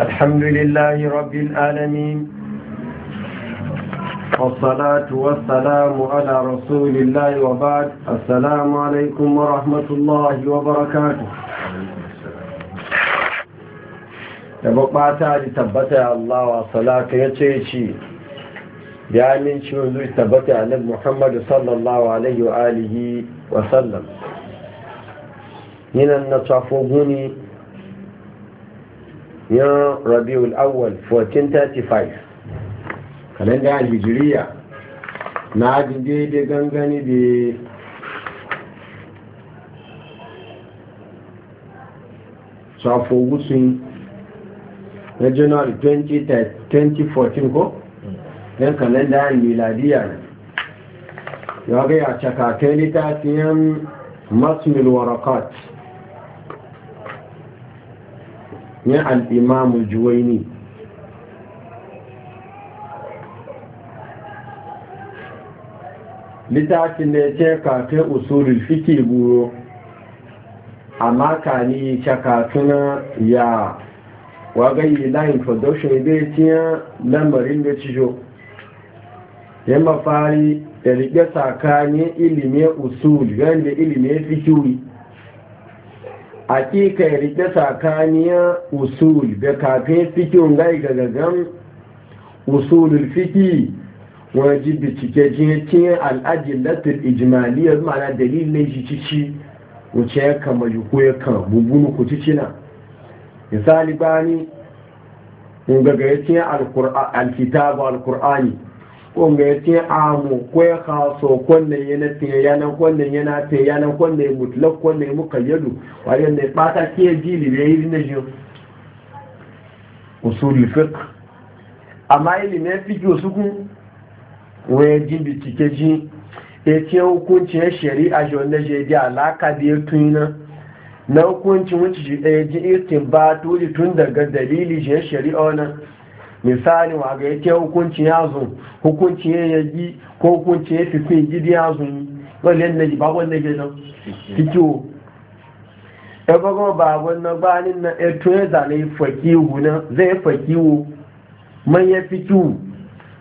الحمد لله رب العالمين والصلاة والسلام على رسول الله وبعد السلام عليكم ورحمة الله وبركاته يبقى تعالي تبتع الله والصلاة يتشيشي ya aminci wa zuwa tabbata a nan muhammadu sallallahu alaihi wa alihi wasallam yinan na tafo guni yan rabiul awwal 1435 kalenda hijiriya na ajin daidai gangani da safo wusin na 2014 ko yan kalenda miladiya ya ga ya cakakai littafiyan masmil warakat ya al'imamu juwaini littafin da ya ce kafin usulul fiki buro amma ka ni shakatuna ya wagayi layin production bai tiya lamarin da cijo ya mafari da rike tsakanin ilimin usul gani da ilimin fikiwi hakika ya rike sakaniya usul da kafin fikin gai ga gagan usulul fiki wajen bincike jinkin al'ajillatul ijmaliyar mana dalilin shi cici wuce ya kama ko ya kama bubunu ku cici na misali bani ni, gaga alkitabu alkur'ani kunga ya ce amu kwaya kaso kwanne ya na tiye yana kwanne ya na tiye yana kwanne ya mutlak kwanne ya yadu wajen da ya fata ke jili da ya yi na jin usul fiqh amma fi fiqh su kun waya jin bincike ji ya ce hukuncin shari'a shi wanda shi ya alaka da ya tuni na hukuncin wuce shi ɗaya ji irtin ba tuli tun daga dalili shi shari'a wannan misali wa ga yake hukunci ya zo hukunci ya yaji ko hukunci ya fi fi gidi ya zo wannan ne ba wannan ne nan fikiwo e ba go ba wannan na e ya zane fakihu na zai fakihu man ya fikihu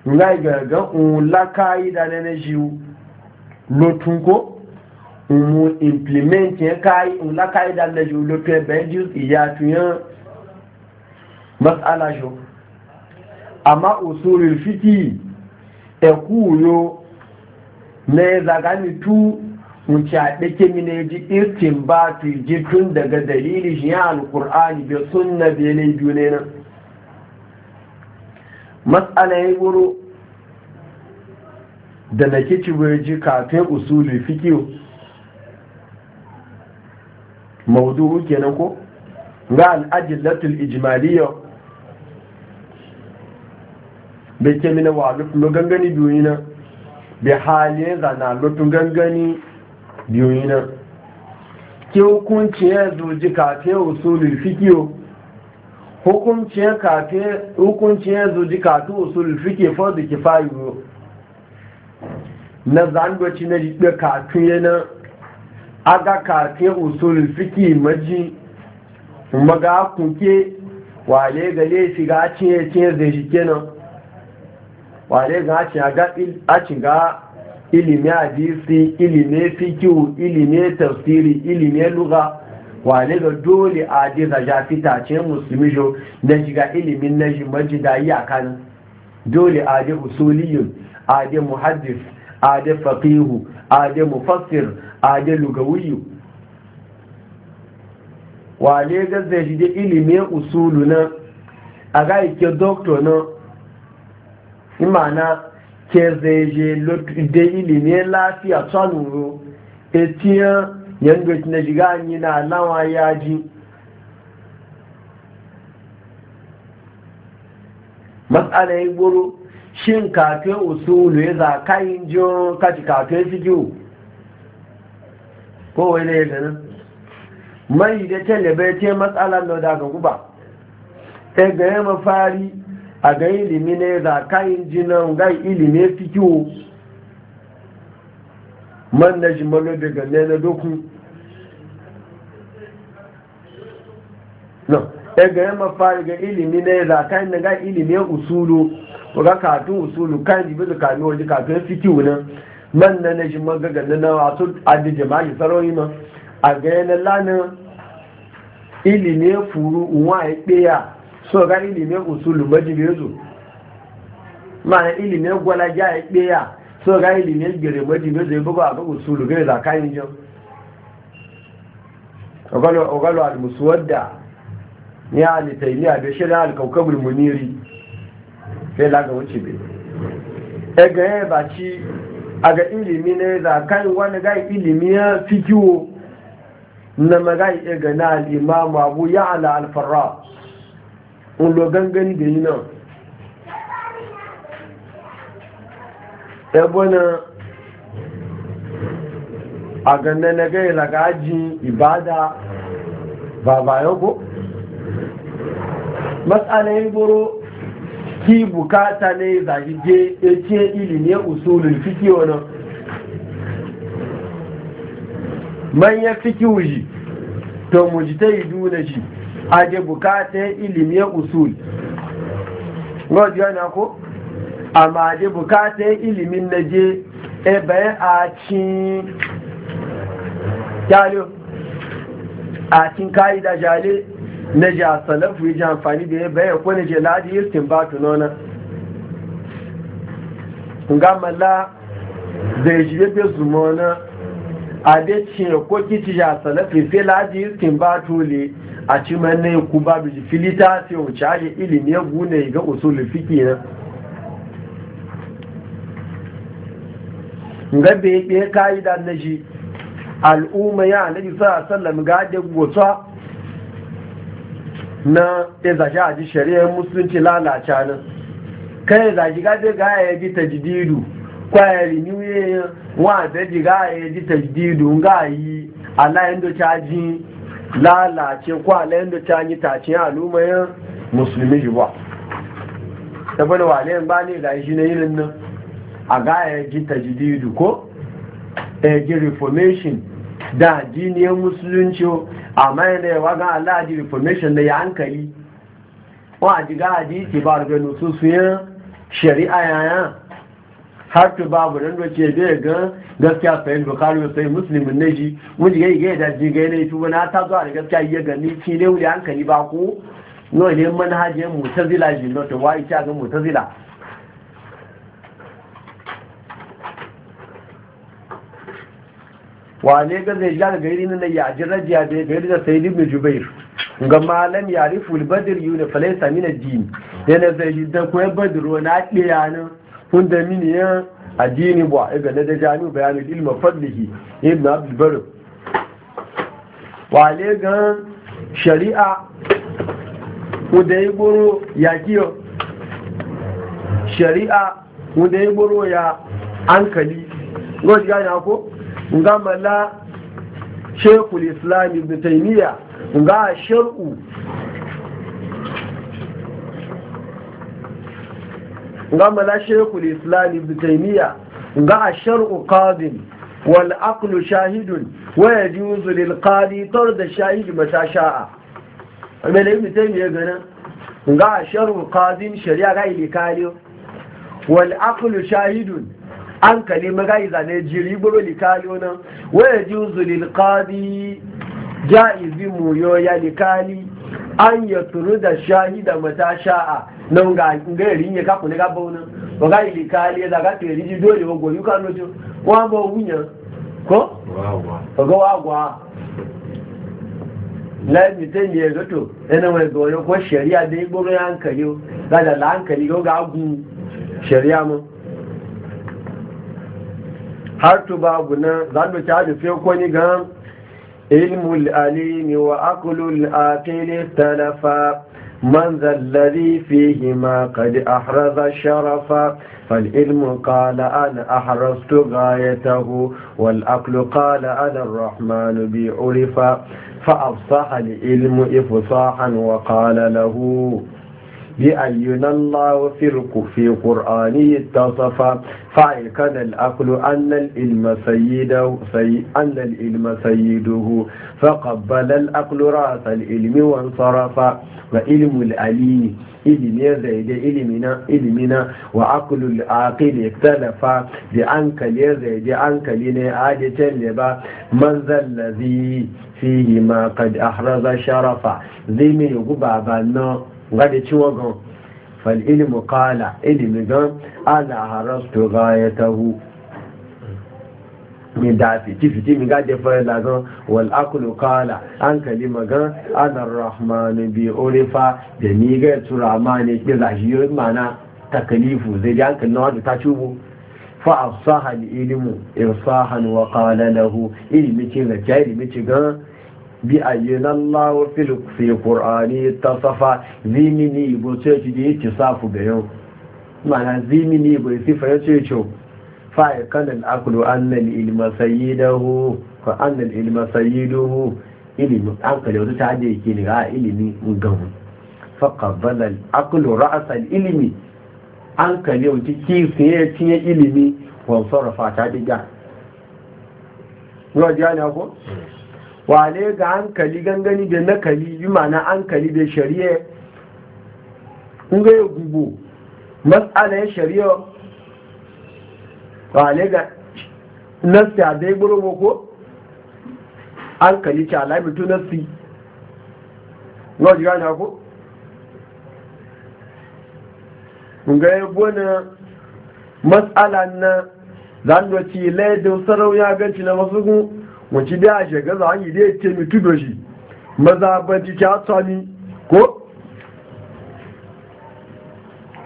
ngai ga ga un la da ne ne lotun ko un implement ya kai un da ne jiu lotun ben jiu ya tuyan mas'ala jo amma usulul fiki e kuyo ne zagani tu mu ci a mine ji irtin ba tu ji tun daga dalili shi ya alkur'ani bai sunna bai ne biyu ne na. matsala ya da na kici wai ji kafin usulul fiki maudu'u kenan ko ga al'ajillatul ijmaliyya bai ke mina wa lutun gangani biyu bi nan bai hali zana lutun gangani biyu yi nan ke hukunci ya zoji kafe usulul fikiyo hukunci ya kafe hukunci ya zoji kafe usulul fikiyo fardu kifayi na zangoci na jibe kafe yana aga kafe usulul fikiyo maji maga kunke wale gale shiga cinye cinye zai shi kenan wale ga acin ga ilimi hadisi ilimi fikihu ilimi tafsiri ilimi luga wale ga dole a je da ja fitace musulmi jo na shiga ilimin na shi da yi a kan dole a ji usuliyun a ji muhaddis a ji faqihu a ji mufassir a ji lugawiyu wale ga zai shi je ilimi usulu na a ga ike doktor na imana ke zai da ilimin tsanuro etiyan yadda na shiga anyi na alawa ya ji matsala ya gburu shin kafin usulu ya za kayin jiyo kaci kafin fijiyo kowai ne ya ganin mai da telebe ce matsala da ga guba ta e gaya fari. a ga na ne za kayan na ga ilimi fi kiwo man na shi malo daga ne na doku no ega ga yamma fari ga ilimi ne za kayan na nga ilimi usulu ga katun usulu kan jibi da kami waje katun fi kiwo nan man na na shi magaga na na wasu adi jama'i sarori ma a ga yana lana ilimi e furu nwa e ya so ga ilimin usulun majibin su mana ilimin gwalaja ya ɓeya so ga ilimin gire majibin su ya buga a ga usulun gire za kayan jin ogalo al-musuwadda ya alitaimiya da shirin alkaukabul muniri sai laga wuce bai ga ya ba ci a ga ilimi na ya kai wani gai ilimi ya fi kiwo na magai ga na al'imamu abu ya ala alfarra ń lọ gangani da yi náà agande na agandanaga ilaga ajin ibada bàbá yọkó matsalayin boro ki bukata ne zagige ece ilimin usulun fiki wani manyan fiki wuji to mu ji duna shi aje bukata ilimi ya usul rod yana ko amma aje bukata ilimi na je ebe a cin kyalo a cin kayi da jale na ji a yi ji amfani da ebe ya kone je ladi yirkin ba tunona ga da zai shi yadda zumona ade ce ko kici ya salafi sai laji iskin ba tole a ci manne ku ba bi filita sai wuce aje ilimi ya gune ga usul fiki na e e ga be kaida na shi al'umma ya nabi sallallahu alaihi wasallam ga da gotsa na ya zaji ji shari'ar musulunci lalaca nan kai zaji ga ga ya bi tajdidu kwayari new year wa daji ga ya e ji tajdidu ga yi alayin da ta ji lalace ko alayin da ta yi tace alumayin musulmi ji ba ta bane wa alayin ba ne ga shi na irin nan a ga a e ji tajdidu ko ya e ji reformation da jiniyar musulunci amma yana yawa ga ala ji reformation da ya hankali wa ji a ji ti ba rufe nusu su yin shari'a yayan har to babu nan da ke da ga gaskiya sai bukari sai musulmin ne ji wani ga ga da ji ga ne Tuba na ta zuwa da gaskiya yi ya gani ki ne wuri hankali ba ko no ne manhajin mutazila ji no to wai ta ga mutazila wane ga zai ja daga irin na ji rajiya da ya gari da sai ibn jubair ga malam yarifu al-badr yuna falaysa min ad-din yana zai da koyar badr na ɗaya kun da mini ya addini ba ga na da jami'u bayanin ilma fadlihi ibn abdul bari wale ga shari'a wanda ya goro ya kiyo shari'a wanda ya goro ya hankali goshi gani ako ngamala shekul islam ibn taymiya ga shar'u ga mala shekul islam ibn taymiya ga asharu qadin wal aqlu shahidun wa yajuzu lil qadi da shahid mata sha'a ibn taymiya gana ga asharu kadin shari'a ga ilikaliyo wal aqlu shahidun an kalima ga ne jiri gboro likaliyo nan wa yajuzu lil qadi jaizi mu yo ya likali an ya turu da shahida mata sha'a na ga ngari ne ka kuna gaba ba ga ili kali da ga tere ji dole wa goyu kan rojo wa ba wunya ko wa ga wa wa la mi te ni ego to ene we ko sharia de igbo ga hankali ga da hankali ga ga gu sharia mu har to babu na zan ya ta da fe ko ni ga علم الأليم وأكل الآكل اختلفا من ذا الذي فيهما قد أحرز الشرفا فالعلم قال أنا أحرزت غايته والأكل قال أنا الرحمن بي عرفا فأفصح العلم إفصاحا وقال له بأن ayyunan فرق في قرآنه اتصف فأيقن العقل أن العلم سيده سي أن العلم سيده فقبل العقل رأس العلم وانصرف وعلم العليم zai da ilimina ilimina wa akulul aqil iktalafa bi ankali zai da ankali ne adatan ne ba man zallazi fihi ma qad ahraza sharafa zai mai ga da ciwo ga fal ilimi qala ilmi ga ana harastu ghayatahu mi da fiti fiti mi ga da fara da ga wal Akulu kala an kalima ga ana rahman bi urifa da ni ga turamani ki zahiyo mana takalifu zai ga kan na da ta cubo fa afsaha al ilmu irsahan wa qala lahu ilmi ci ga ilimi ci ga bi ayyanallahu fil fi qur'ani tasafa zimini bo ceci di ci safu da yau mana zimini bo sifa ya ce ce fa kan al anna al ilma sayyidahu fa anna al ilma sayyiduhu ilimi an wata ta da yake ne ga ilimi gamu fa qabala al aqlu ra's al ilmi an kale wata ki sai cinye ilimi wa sarrafa ta diga Rodiya ne wane ga hankali gangani da nakali yi mana hankali da shari'a kunga ya gugu matsala ya shari'a wane ga nasi a dai buru ko hankali ce alamitu nasi yau ji gane ko kunga ya gona matsala na zanuwa ci laidin sarau ya ganci na masu wacce ya shiga za a yi ya ce mutu da shi mazabanci ta sami ko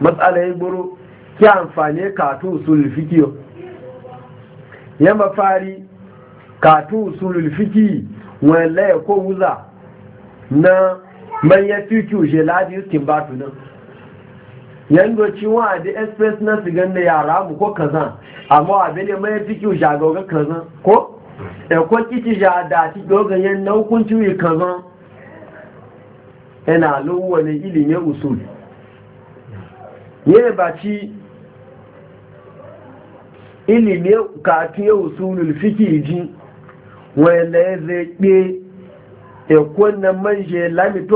matsalai buru ki amfani katu usulul fikiyo ya mafari katu usulul fiki wanda ya ko wuza na manyan fikiyo shi ladi yuskin batu nan yanda a di express na sigan da yara mu ko kazan amma abin da manyan fikiyo shagaga kazan ko ẹ̀kọ́ títí ṣàdá àti gbọ́gàn yẹn na ókún tí wì kan rán ẹnà lówó ẹni ilẹ̀ yẹn òsòlù yẹ́ bà tí ilẹ̀ yẹn kàtí yẹn òsòlù fíkì ìjí wọ́n ẹ̀lẹ́ pé ẹ̀kọ́ na mẹ́ṣẹ́ lámìtó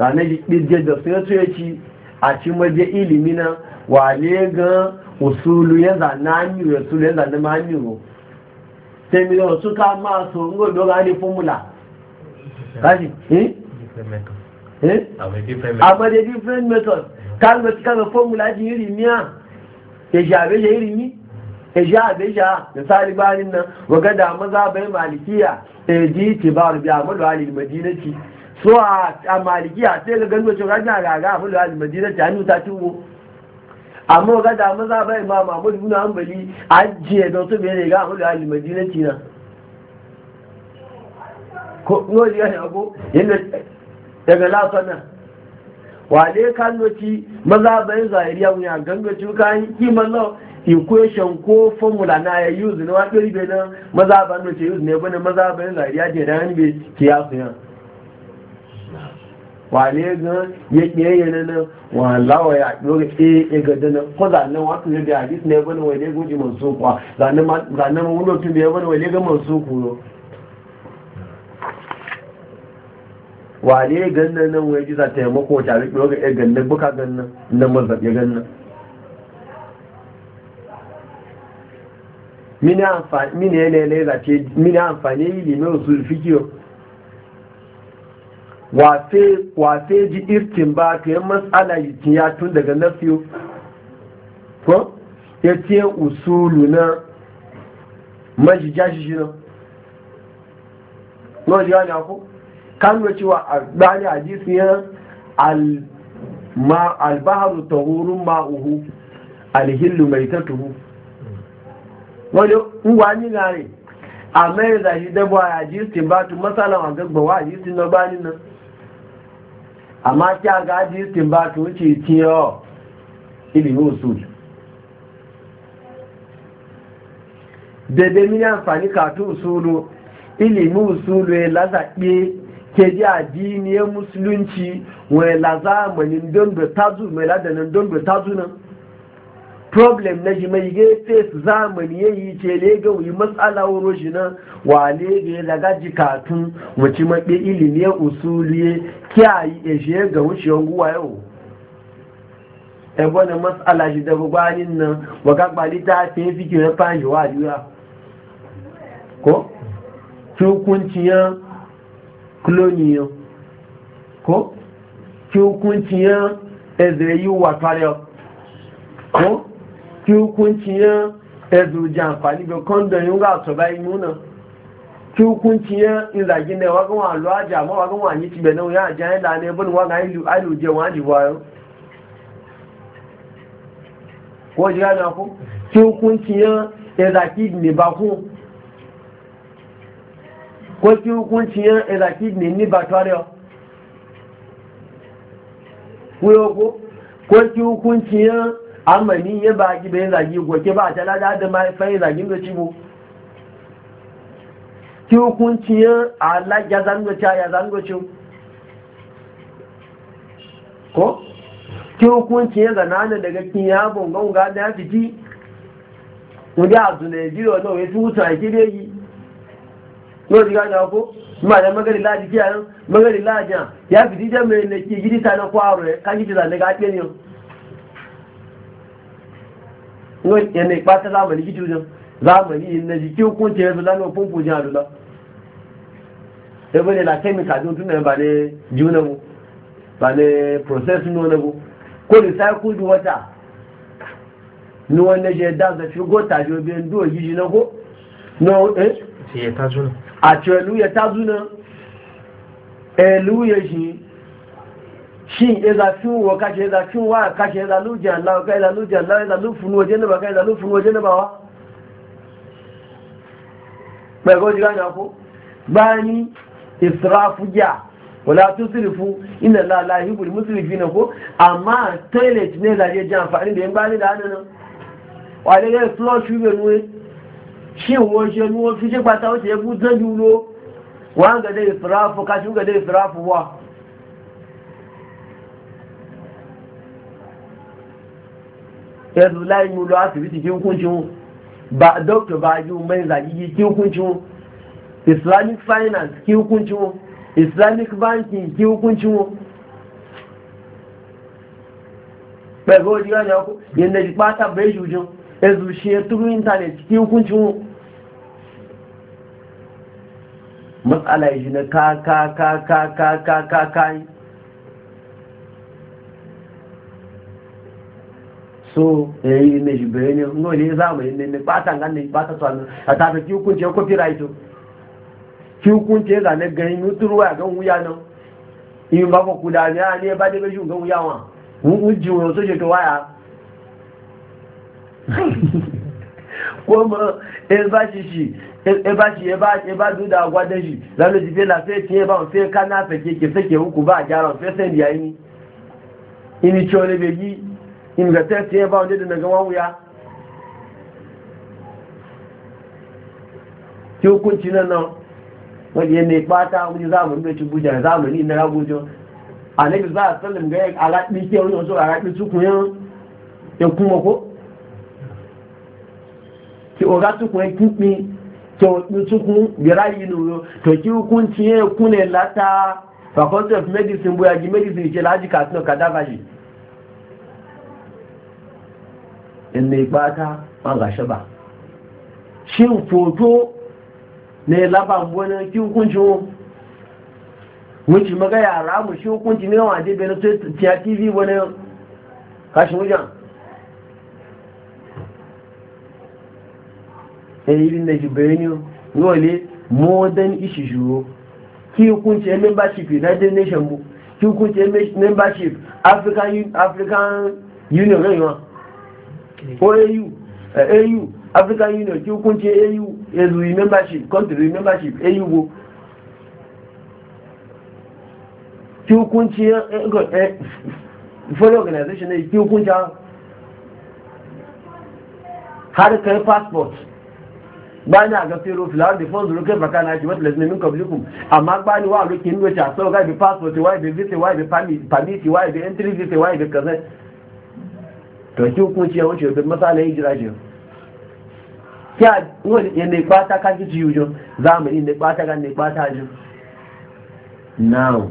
ranar ɗirge da su ya ci a ci maje ilimi na wale ga usulu ya zana hanyu ya sulu ya zana ma hanyu sai mi yau suka ma so ngo do ga ni formula kaji eh eh amma the different method kalma kalma formula ji iri miya e jabe je iri ilimi, e jabe ja misali banin nan waga da maza bai malikiya e ji tibar bi amma do alil madinati so a malikiya sai ga gano cewa rajin raga abin da madina ta hannu ta tuwo amma ga da maza bai ma mahmud ibn hanbali ajiye da su bai ga abin da madina ci na ko no ya ne ko yanda daga lafana wale kan noci maza bai zahiriya ya ganga cuka yi kiman lau equation ko formula na ya use na wa ɗari bai na maza ban noci use ne bane maza bai zahiriya je da hannu bai kiyasu yana wale gan ya kiyaye na nan wa lawa ya dore e e ga dana ko zanne wa ne da hadis ne bane wale goji mansu kwa zanne ma zanne mun lo tun da bane wale ga mansu ku wale gan nan nan wai ji za ta mako ta ri dore e gan nan buka gan nan nan mazhab ya gan nan mini amfani mini ne ne za ce mini amfani ilimin usul fikiyo wafe ji irtin ba ka yi matsala yikin ya tun daga nafiyo ko ya ce usulu na majija shi shi nan wani ne ako kan nuna cewa a ɗani a jisun yana albaharu ta wurin ma'uhu alhillu mai ta tuhu wani ni na ne a mai zashi dabuwa a jisun ba tu matsala a gagbawa a jisun na bani nan amma kí a ga ajiyar tí bá tó ṣe tí ọ ilẹ̀ yóò sójú dẹ̀dẹ̀ ní àǹfàní kàtó òṣòro ilẹ̀ mú òṣòro ẹ lázàpé kẹjẹ àjí wọn ní mẹ́lá dẹ̀nà náà problem na shi mai gefe zamani ya yi ce ne ga wuyi matsala wuro shi nan wale ga ya daga jikatun wace maɓe ilimi ya usuli ya kiyayi ya shi ya ga wuce guwa yau ebe na matsala shi da bugbanin nan waga gbali ta fi fi kiran fanshi wa juya ko hukunciyan ya, ko hukunciyan ezreyi wa tariyo ko tí hukunci yan ẹ̀dùjì àǹfààní bí kọ́ndọ̀ yóò gbà tọ̀bá inú náà tí hukunci yan ìlàjì náà wọ́n wà lọ àjà àmọ́ wọ́n wà ní tibẹ̀ náà yóò àjà ńlá ní ẹbọ́n wọn kàn jẹ wọn àjùbọ̀ ayọ́ wọ́n jẹ́ àná fún tí hukunci yan ìlàjì nìbà fún ko tí hukunci yan ìlàjì nìbà tọ́rẹ́ ko tí hukunci yan amma ni ya baki bai zagi goke ba ta lada da mai fa zagin da cibo ki hukunci ya Allah ya zango cha ya zango ci ko ki hukunci ya zanana daga kin ya bongon ga da fiti wani abu ne nigeria na wai tutu a kire yi no diga ga ko ma da magari laji kiyan magari laji ya fiti jami'in da mai gidi ta na kwaro ka gidi da daga kiyan yau yana ipata zamani gijo jan zamani yin na jiki hukunci ya zula na pumpu jan adula ebe ne la kemika don tunan ba ne juna mu ba ne process nuna mu ko recycle di wata ni wanda je da za fi gota jo bi ndo yiji na ko no eh ti ya tazuna a ti elu ya tazuna elu ya shi shin eza fiwo kashe eza fiwa kashe eza lujin Allah ka eza lujin Allah eza lufin waje ne ba ka eza lufin waje ne ba wa bai ga wajen gani ako bani israfu ya wala tun sirifu inda lalahi hibbul musulmi na ko amma toilet ne zaje ji amfani da yin bani da hannun wale ya flush ube nuwe shin waje nuwa fi shi kwata wace ya butan julo wa ga dai israfu kashi ga dai israfu wa zo layi mu da asibiti kin kuncin ba doctor ba mu mai zagi kin kuncin islamic finance kin hukuncin islamic banking kin hukuncin pẹ̀lú ojú ọ̀nà ọkú yẹnlẹ̀ ìpá tàbí ìṣùjún ẹzù ṣe túrú ìntànẹ̀tì kí hukun tí wọ́n matsala ka ka so yayi eh, ne shi bayani no ne zamani ne ne bata ngan ne bata tsano a ta ta hukunci ko copyright ki hukunci da ne ganin mutuwa ga wuya nan in ba ku da ne ne ba da bai ga wuya wa mu ji wo so je waya ko mo e ba shi shi e, e ba shi e ba e ba du da gwa shi lalo ji fe la fe ti e ba fe kana fe ke ke fe ke huku ba jaran fe se ndi ayi ini chole be yi inda test ya ba wani da daga wawuya ki hukunci nan wani yana ne fata wani zamani da ci buja zamani na ragojo a nabi za a sallim ga yin alaɗi ke wani wasu alaɗi tukunin ya kuma ko ki oga tukunin kiɓi ki oɗi tukun birayi nuno to ki hukunci ya kune lata faculty of medicine buyaji medicine ke laji katina kadafaji in ne bata ma ga shi ba shin foto ne laban wani kin kunci wuce maga yara mu shi hukunci ne wa dai bene sai tiya tv wani kashin wujan ɗaya eh, irin da shi bayani wale modern ishi shiro ki hukunci membership united nation bu ki hukunci membership african union ne yawa. ko au eh, au african union ki hukunci au yanzu membership country membership au go ki hukunci eh, eh, foreign organization ne ki hukunci har kai passport bani a gafe rufi lawar da fonzu rukai baka na shi wata lasnamin kablikum amma bani wa rukin wuce a sauka bi passport wa bi visa wa bi permit wa bi entry visa wa bi kazai to ki hukunci ya wuce bin masala yi jira jiyo ya wani ne kwata kan ki jiyo jo zamani ne kwata kan ne kwata jo now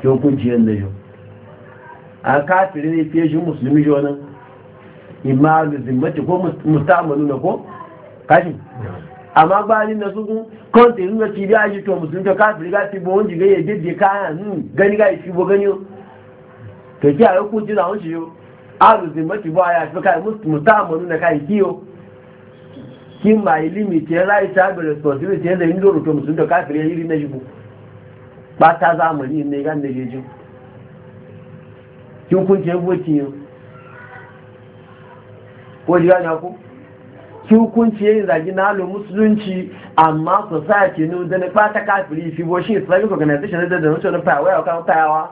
ki hukunci yanda jo a kafiri ne fiye shi musulmi jo nan imalu zimmati ko mustamalu na ko kashi amma ba ni na suku kawai tsayin ga cibi a to musulmi to kafiri ga fi bon jiga ya jidde kayan hmm, gani ga ya fi bo ganiyo. to ki a yi hukunci za wani shi jo arzikin mafi ba ya fi kai musamman na kai kiyo Ki ma yi limiti ya rayu ta bi responsibility yadda yin doro to musulun da kafin ya yi na jibu ba ta zamani ne gan da jejin kin kun ce boci yau ko ji gani ku kin kun ce yin zagi na halu musulunci amma society ne da na ba ta kafin yi fi bo shi islamic organization da da na cewa na fayawa ya kawo fayawa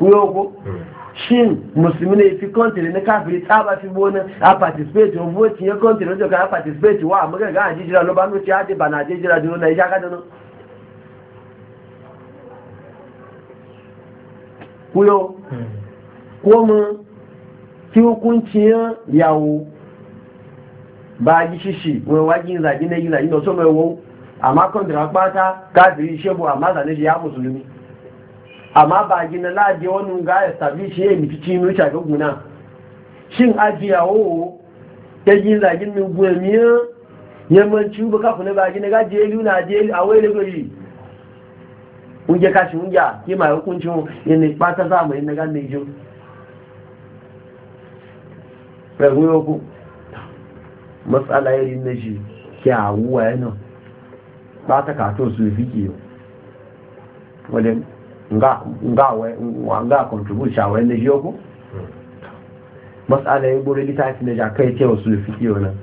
kuyoko hmm. shin musulmi ne fi kontiri na kafiri tsaba fi bonin a participate o voting ya kontiri wajen kan a participate wa amma gaga a jijira lo ba mu ci hadi ba na jijira dino na ija kadano kuyo hmm. ko mu ki hukuncin yawo ba yi shishi wani wajin zagi na yi zagi na so mai wo amma kontiri a kpata kafiri shebu amma zane shi ya musulmi amma ba gina laje wani ga ya sabi shi ya nufi cinu shaga guna shin ajiya wo ya yi zagin min guwa miya yammanci ba kafin na ba gina ga jeli na jeli a wai lagari unge kashi unge ki ma hukuncin yana ɓata samu yana gan ne jo ragu yau matsala yi na shi kyawuwa yana ba ta kato su fi kiyo wadda nga nga contribution wani da jiyoku matsala ya gori littafi na jaka ya ce wasu fikiyo nan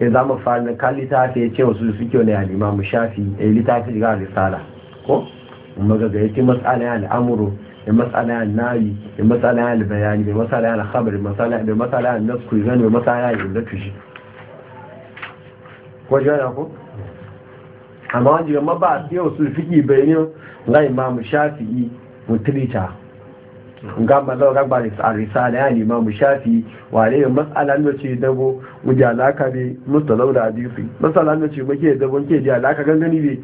ya zama farin kan littafi ya ce wasu fikiyo na yalima mu shafi ya litafi ga risala ko magaga ya ce matsala ya al'amuru ya matsala ya nayi ya matsala ya bayani ya matsala ya alhabar ya matsala ya nasku ya zani ya matsala ya yin zatu shi ko jiya ko amma wajen ma ba a siya wasu fiki bayani na imamu shafi'i mutrita ga mazawa gaba a risala ya imamu shafi'i wale yin matsala na ce dabo wuje alaka ne mustalau da hadisi matsala da ce muke dabo ke ji alaka gangani ne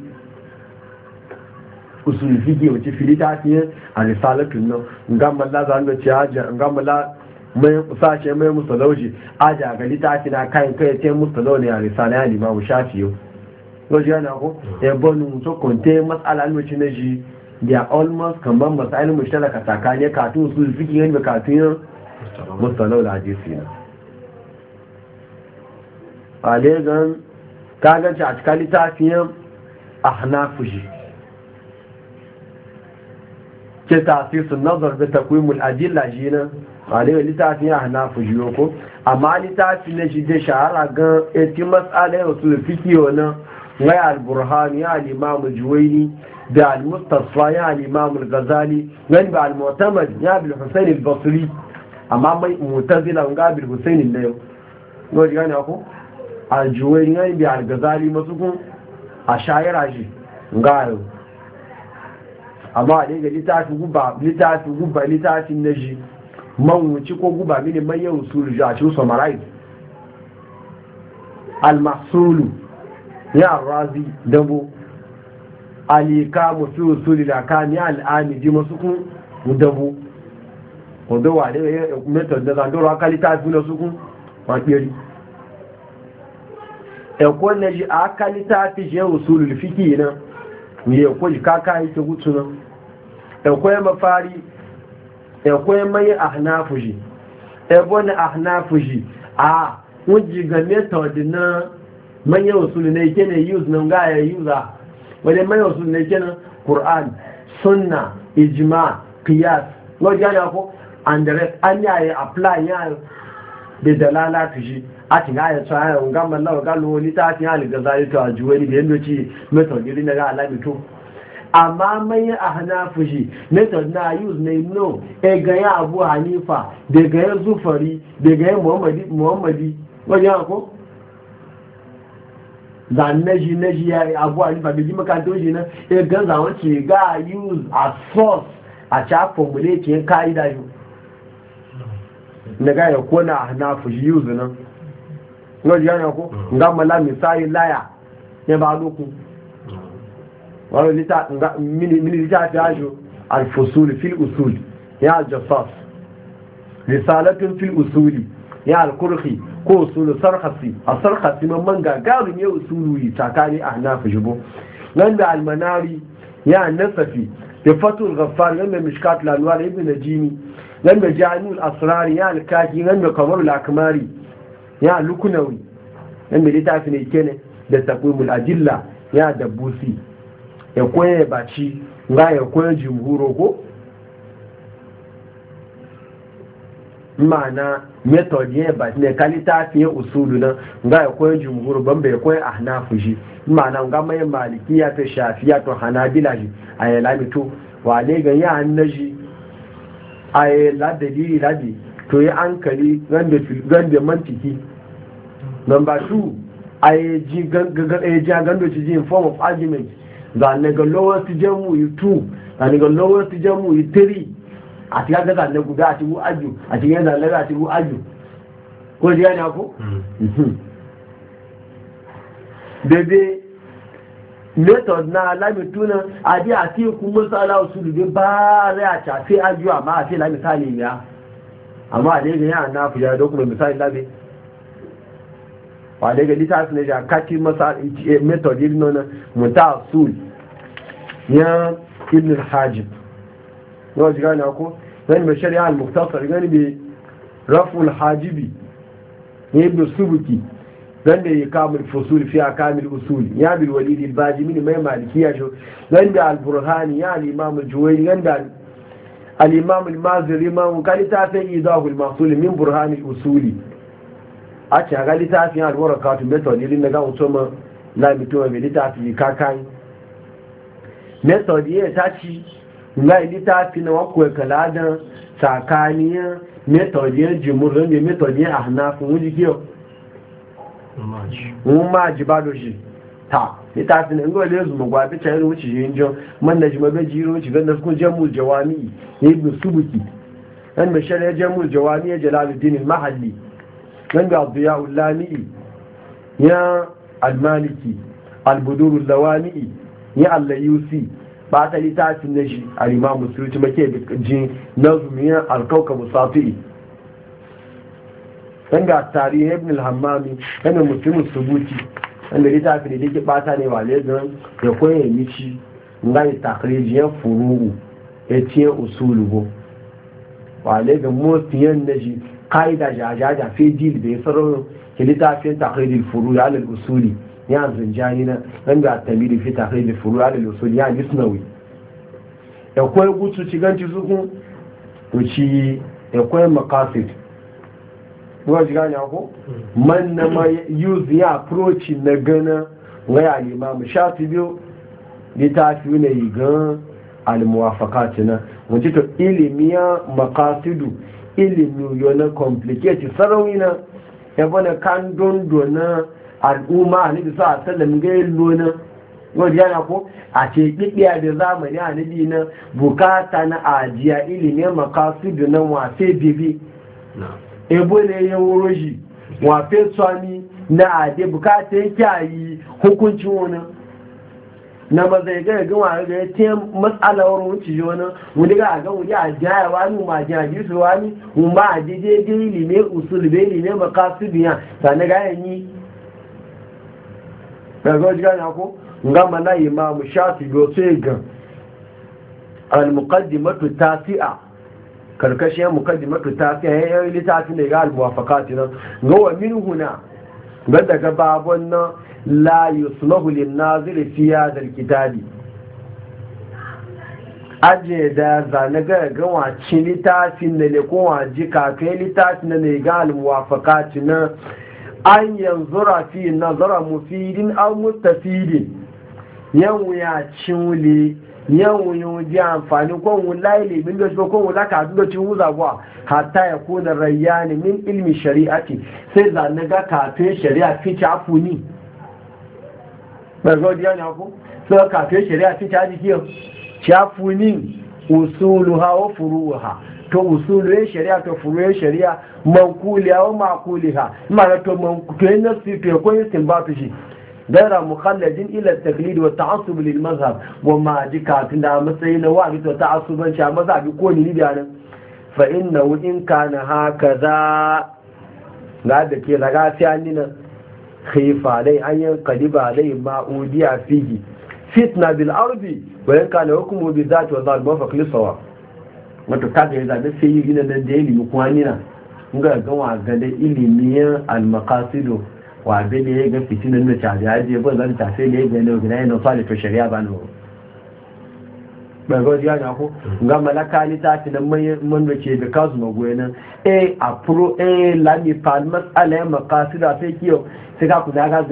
usul fiki wace filita fiye a tun nan ga malla za mu ce haja ga malla mai sashe mai musalauji aja ga litafi na kayan kai sai musalau ne a risala ya imamu shafi'i rojiya na ko ya bani so kunte mas'ala na ji they are almost kamar mas'alin mushtalaka tsakanin katun su fiki ne katun mustalau da hadisi na alegan kaganci a cikin littafiyan ahnafushi ke tasirin nazar da takwimul adilla shi nan alegan littafiyan ahnafushi yoko amma littafi na shi da shahara gan eti matsalai wasu fikiyo nan ya al-burhan ya al-imam juwaini da al-mustasfa ya al-imam al-ghazali wani ba al-mu'tamad ya bil husayn al-basri amma mai mu'tazila ga bil husayn al yau. no ji gane ko al-juwaini ya bi al-ghazali masukun a shayara shi ga amma a daga littafi guba littafi guba littafin na man manwuci ko guba mini manyan usulu a cikin samarai al-mahsulu ya razi dabo alika musu usuli da ka ni al'ami ji masu kun dabo wanda wa ne ya metar da zandoro aka fi na su kun wakiri ẹ̀kọ́ na ji aka littafi jẹ́ usuli fiki na ne ko ji kaka yake gutu na ẹ̀kọ́ ya mafari ẹ̀kọ́ ya mai ahnafu ji ẹ̀bọ́ na ahnafu ji a wọ́n ji ga metar na manyan usuli ne kenan use nan ga ya user wani manyan usuli ne kenan qur'an sunna ijma qiyas wajen ya ko and the rest an yaye apply ya da dalala tuji a ti ga ya tsaya un ga mallahu ga lo ni ta ti hali ga zai ta ajuwe ni da ci method ni na ga alabi to amma mai a hanafi fushi, method na use na no e ga ya abu hanifa da ga ya zufari da ga ya muhammadi muhammadi ya ko zanne shi na shi e, ya yi abuwa ni babi ji makarantun shi na ya gan zawon ce ga use as source a ca formulate yin e, ka'ida shi na gaya ko na na shi use nan na. ji yana ko mm. nga mala misali laya ne ba lokun mm. wani lita nga mini lita ta ajo al fusul fil usul ya jassas risalatun fil usuli ya alkurhi ko usulu sarhasi a sarhasi man man garin ya usulu yi tsakani a hanafi shigo nan da almanari ya nasafi da fatul gafar nan da mishkat lalwar ibn jini nan da jami'ul asrari ya alkaki nan da kamar lakamari ya lukunawi nan da littafi ne kene da takwimul ajilla ya dabbusi ya koya ya baci ga ya koya jimhuro ko ma'ana method ya ba ne ta fiye usulu nan ga ya koyi jumhur ban bai koyi ahnafu shi ma'ana ga mai malikiya ta shafiya to hanabila shi a yi lamito wa ne ga yi hannu shi a yi ladalili labi to yi an hankali ganda mantiki number two a yi ji gando ci ji in form of argument ga ne ga lowest jamu yi two ga ne ga lowest jamu yi three àti agbẹ́ta lẹ́gùdá àti wú ájù àti yẹ́nà lẹ́rẹ́ àti wú ájù kó jẹ́ ẹni akó bèbè method náà lámìtú náà àdí àti ikú mọ́sára òsùlùgbé bá rẹ̀ àti àti àmá àti lámìtá lè yá àmá àdéhùn yá náà fìyà dókùnrin mìsáì lábẹ́ wà daga littafin da jakaki method irin nuna muta sul yan ibn hajjib hajj? ji gane ko gani bai shari'a al-muktasar gani bai raful hajibi ne bai subuki gani da ya kamul fusul fiya kamil usul ya bil walidi al-bajimi mai malikiya shi gani al-burhani ya al-imam al al-imam maziri imam kalita ta yi zahul masul min burhani al-usuli a ce ga littafin al-warakatu method ne na ga mutum na mutum mai littafi kakan method ya ta ci ngai fi na wakwai kaladan tsakaniyar metodiyar jimurin da metodiyar ahnafin wuji kiyo mun ma ji ba doshi ta fi na ngole ile mu gwa bi yin wuce yin jan man na jima bai jiro wuce ganin kun jamus jawami ya yi subuki yan mishar ya jamus jawami ya jalaluddin mahalli yan ga ya ulami ya almaliki albudurul lawami ya allayusi ba ta littafi na shi alimamu surutu make ji na zumiyar alkauka musafi don ga tarihi ibn al-hammami yana mutumin subuti wanda littafi da yake bata ne wale don ya koya ya mici nga yi takarijiyar furugu ya ciye usulugo wale ga motiyan na shi ka'ida jajaja fi jil bai sarrafa littafin takarijin furu ya alal usuli ya zunjani na nan ga tamiri fi tafi da furu da lusu ya ji sunawi ya kwai gutu ci ganci su kun wuci ya kwai makasit ruwa ji gani ako man na ma use ya approach na gana mu sha shafi biyu Ni ta fi wuna yi gan almuwafakati na wuci to ilimi ya makasidu ilimi yana complicate sarauni na ya bane kan dondo na al'umma a nabi sa sallam ga yin lona wani yana ko a ce ɗiɗɗiya da zamani a nabi na bukata na ajiya ilimin da na wafe bibi ebo ne ya wuro shi wafe tsami na ade bukata ya kyayi hukunci wani na ba zai ga ga wani ga yi matsala wani wuce ji wani wani ga ga wani a jaya wani ma jaya su wani mun ba a je je ilimi usul be ilimi makasu biya sanin ga yanyi daga wajen gane ko gama na imamu shafi biyu sai ga al-muqaddimatu tasi'a karkashin muqaddimatu tasi'a ya yi littafin da ga al-muwafaqati nan ga wa min huna ga daga babon nan la yuslahu lin-nazir fi hadha al-kitabi aje da zane ga ga wace littafin da ne ko waje ka kai littafin da ne ga al-muwafaqati nan an yanzura fi nazara mufidin an mutafidin yawon ya cinwule yawon yawon wuji amfani kwanwun laili min da shi kwanwun laka da cin wuza kuwa hatta ya kuna rayyani min ilmi shari'ati sai zane ga kafe shari'a fi cafu ni ɓargo diya ne sai kafin shari'a fi cafu ni usulu ha wa furu ha to usulu shari'a to furu ya shari'a mankuli ya wa makuli ha mara to mankuli ya nasi to ya kwenye shi gaira mukhalladin ila taqlid wa ta'assub lil mazhab wa ma jika tinda matsayi na wa to ta'assuban sha maza bi ko ni ni nan fa inna wa in kana hakaza ga da ke an nan khifa dai an yi kadiba dai ma udiya fitna bil ardi wa in kana hukmu bi zati wa wato kaga ya zaɓe sai yi na da ilimi kuma nina nga ga wa ga da ilimiyan almakasido wa be da ya ga fitinan da caji aje ba zan ta sai ne ga ne ga ne fali to shari'a ba no ba ga ya na ko nga malaka ni ta tin man man da ke da kasu magoye nan eh apro eh la palmas ala makasida sai kiyo sai ka ku da ga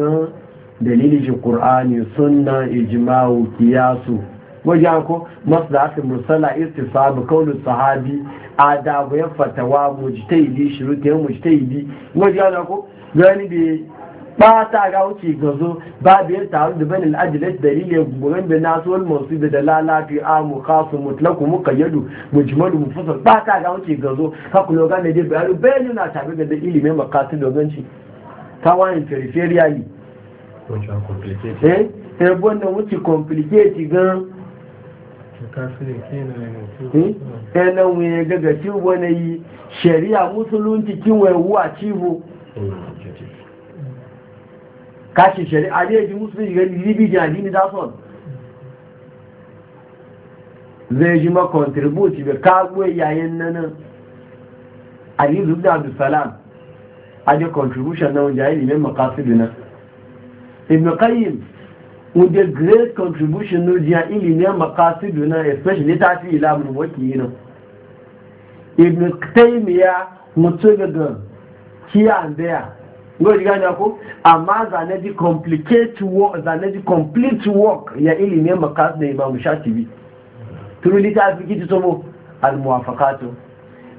dalilin qur'ani sunna ijma'u qiyasu masu da aka musala mursala istisab kaunin sahabi adabu ya fatawa mujtahidi shurutiyar mujtahidi wajen ko gani bi ba ta ga wuce gazo ba biyar taru da banin ajilat dalili gurin da nasu wani masu da dalala fi amu kasu mutlaku mu mu kayyadu muqayyadu mu fusar ba ta ga wuce gazo haku na gane ne da bayanu na tabi da ilimin makasin doganci ta wani peripherally eh eh wannan wuce complicated gan ɗanan wuyan gaga cibo na yi shari'a musulunci kinwai wuwa cibo kashi eh, shari'a ne ji musulunci ga libi jadi da son. zai ji ma contribute ga kagwai yayin nanan ali zubi da abdulsalam a je contribution na wajen yayin limin makasidu na ibn qayyim with the great contribution no jiya ilimin makasidu na especially ta fi ilamun waki na ibn taimiya mutu daga here and there ngo ji gani ko amma zanaji complicate work zanaji complete work ya ilimin makasi na imam shatibi turu ni lita fi kiti somo al muwafaqatu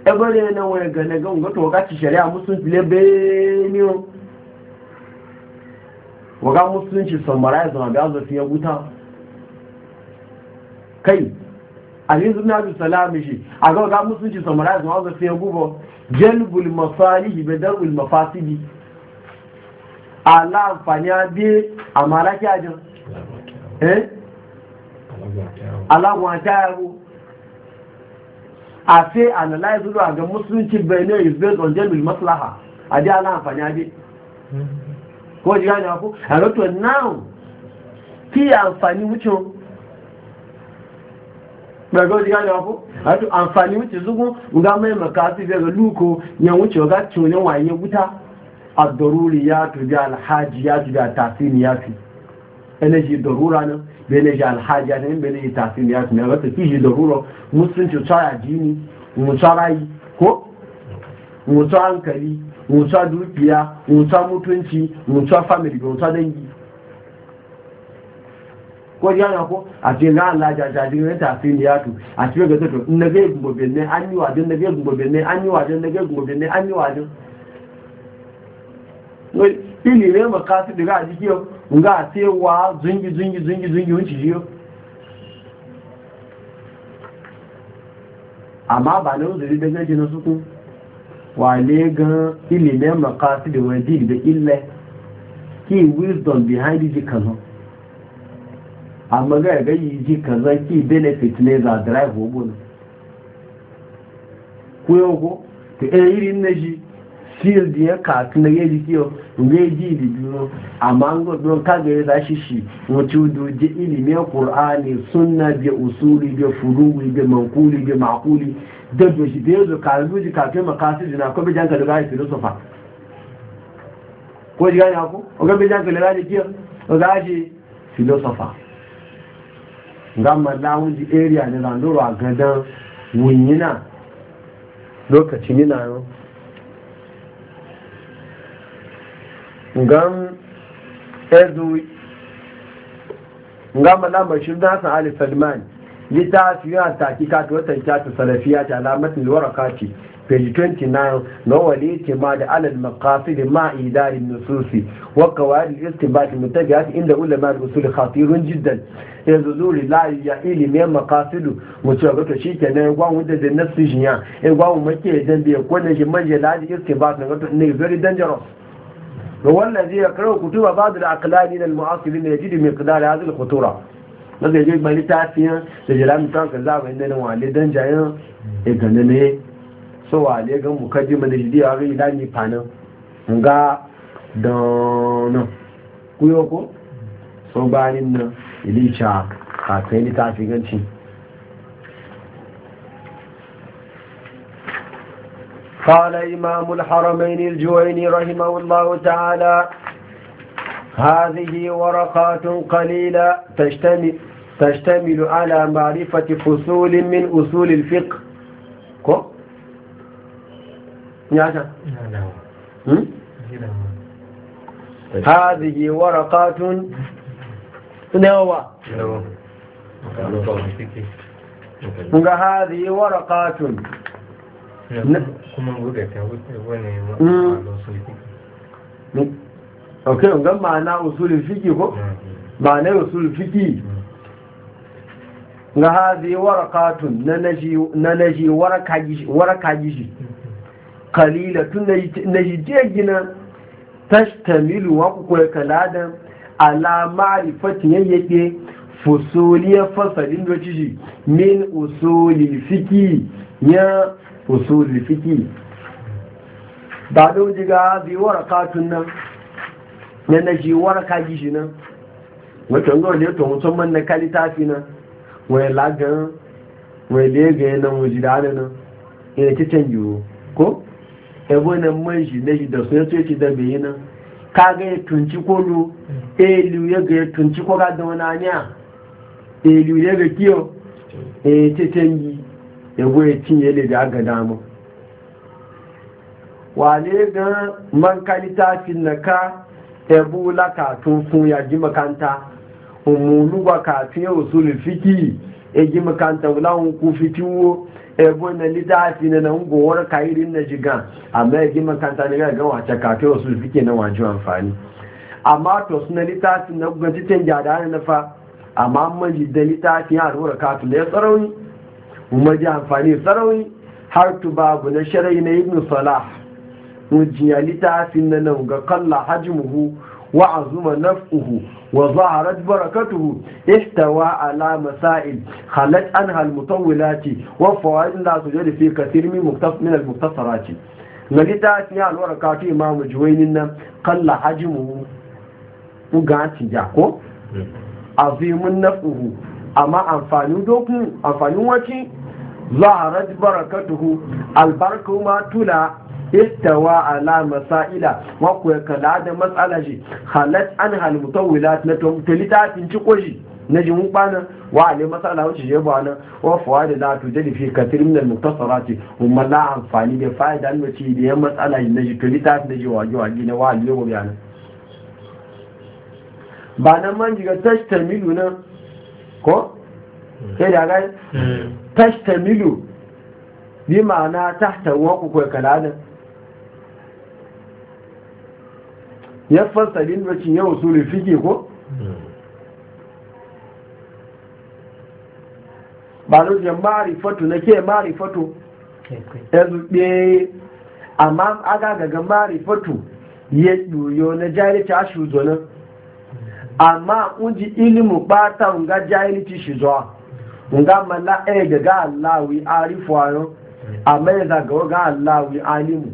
ebere na wani gane ga ngato wakati shari'a musulmi lebe ni waga musulunci samara ya zama da zafi ya wuta kai alizu na bi salami shi a ga waga musulunci samara ya zama zafi ya gubo jelbul masalihi bai darbul mafasidi ala amfani abi a maraki ajin eh alagun atayaru a sai analyze zuwa ga musulunci bai ne is based on jelbul maslaha a ji ala amfani abi ko ji gane ku a rotu now ki ya amfani wucin gbẹ̀gbẹ́ ti gáyọ̀ fún àti àǹfààní wíti zúgún ǹgá mẹ́mẹ̀ká sí bẹ̀rẹ̀ lúkọ yẹn wíti ọgá tí ó wà yẹ wúta àdọ̀rúrí alhaji ya alhaji fi ni ko mùtọ́ hankali mutuwa dukiya mutuwa mutunci mutuwa family da mutuwa dangi ko ya na ko a ce na Allah ja ja din ta fi ni yatu a ce ga zato in nage gumbo benne an yi wajen nage gumbo benne an yi wajen nage gumbo benne an yi wajen wai ili ne ma makasi daga a jiki nga sai wa zungi zungi zungi zungi wuce jiyo amma ba na uzuri daga su ku. wale gan ilimin makasi da wajen da ille ki wisdom behind ji kazo amma ga ga yi ji kaza ki benefit ne za drive obo ne ko yau ko to eh irin na ji di ya ka tun ga ji kiyo ga ji di biyo amma ngo don ka ga shi ji ilimin qur'ani sunna bi usuli bi furuwi bi manquli bi maquli dabbe shi da yanzu kaluji kafe makasir jina ko bi janka lura filosofa ko ji gani haku o gan bi janka lura da kiyar oga ji filosofa ga malawun ji area na landoro a gadan wunyina lokacin yana yau gan ezu gan lambar shi da hasan ali salman littafi yana takika ta watan kyatu salafiya ta alamatin waraka ce page 29 na wale ce ma da alal makafi ma idarin nususi wa kawai istibati mutabiyat inda ulama da usul khatirun jiddan ya zuzuri la ya ilimin makasidu mutu shi ke nan gwan wanda da nasu jiya ya e gwan make biya, ko ne shi manje la da istibati na to ne very dangerous والذي يقرأ كتب بعض العقلانيين المعاصرين يجد ya هذه kutura. wanda ya gbogbo littafiyan da jirami kan ka za a bayan wale don jayen e ya gane ne so wale gan mu kaji mana shi diya wani idan ni fanin nga don kuyo ko so bayanin na ilica e a kai littafi ganci قال إمام الحرمين الجويني رحمه الله تعالى هذه ورقات قليلة تجتمع تشتمل ana معرفة فصول من أصول الفقه كو نعم هذه ورقات نوى ga hazi warakatun ok ga ma'ana usulun fiki ko ma'ana usulun fiki ga hazi warakatun na naji waraka gishi kalila tun naji jirgina tashtamilu wa kukuwa kaladan ala ma'arifatin yayyake fusuliyar fasalin da min usuli fiki ya usuli fiki ba da wuji ga hazi warakatun nan na naji waraka gishi nan wata ngawar ne to musamman na kalitafi nan wai lagan wai lega yana wuji da hannun yana ta canji wo ko ebo na man shi na shi da su ya so yake da bai yana ka ga ya tunci ko lu mm. elu eh, ya ga ya tunci ko ga da wani anya elu eh, ya ga kiyo e ta canji ebo ya cinye le da aga dama wale ga man kalita fin na ka ebo laka tun fun ya ji makanta umulu wa kafin usulul fiki e ji wala wulawun ku fitiwo e na litafi na nan gowar kairin na jigan amma e ji makanta ne ga wace kafin usulul fiki na wajen amfani amma to suna litafi na gwaji can jada na fa amma maji da litafi ya rura kafin da ya tsarauni kuma ji amfani tsarauni har babu na shirai na ibn salah mujiya litafin na nan ga kalla hajmuhu وعظم نفعه وظهرت بركته استوى على مسائل خلت عنها المطولات وفوائد لا توجد في كثير من المختصرات gari ta fi alwarka ta imamu juwainin nan kalla hajimu ugaci ya ko azimin nafuhu amma amfanin dokun amfanin wacin zaharar barakatuhu albarka ma tula ittawa ala masaila wa ku kala da matsala shi halat an hal mutawilat na tulitatin ci koji na jin bana wa ale matsala wuce je bana wa fawaid la tujad fi kathir min al muktasarat umma la amfani da faida an ci da matsala na ji tulitatin da ji wa waje na wa ale go bayana ba nan man jiga tamilu na ko sai da ga hmm. tamilu bi ma'ana tahta wa ku kai kalanin ya fasalin bacin ya usulun fiki ko ba lokacin marifatu na ke marifatu ya zuɓe amma aga gaga marifatu ya yoyo na jahilci a shuzo nan amma unji ilimin ɓata nga jahilci shuzo nga mala e gaga allawi a ayon amma ya zagawa ga allawi alimu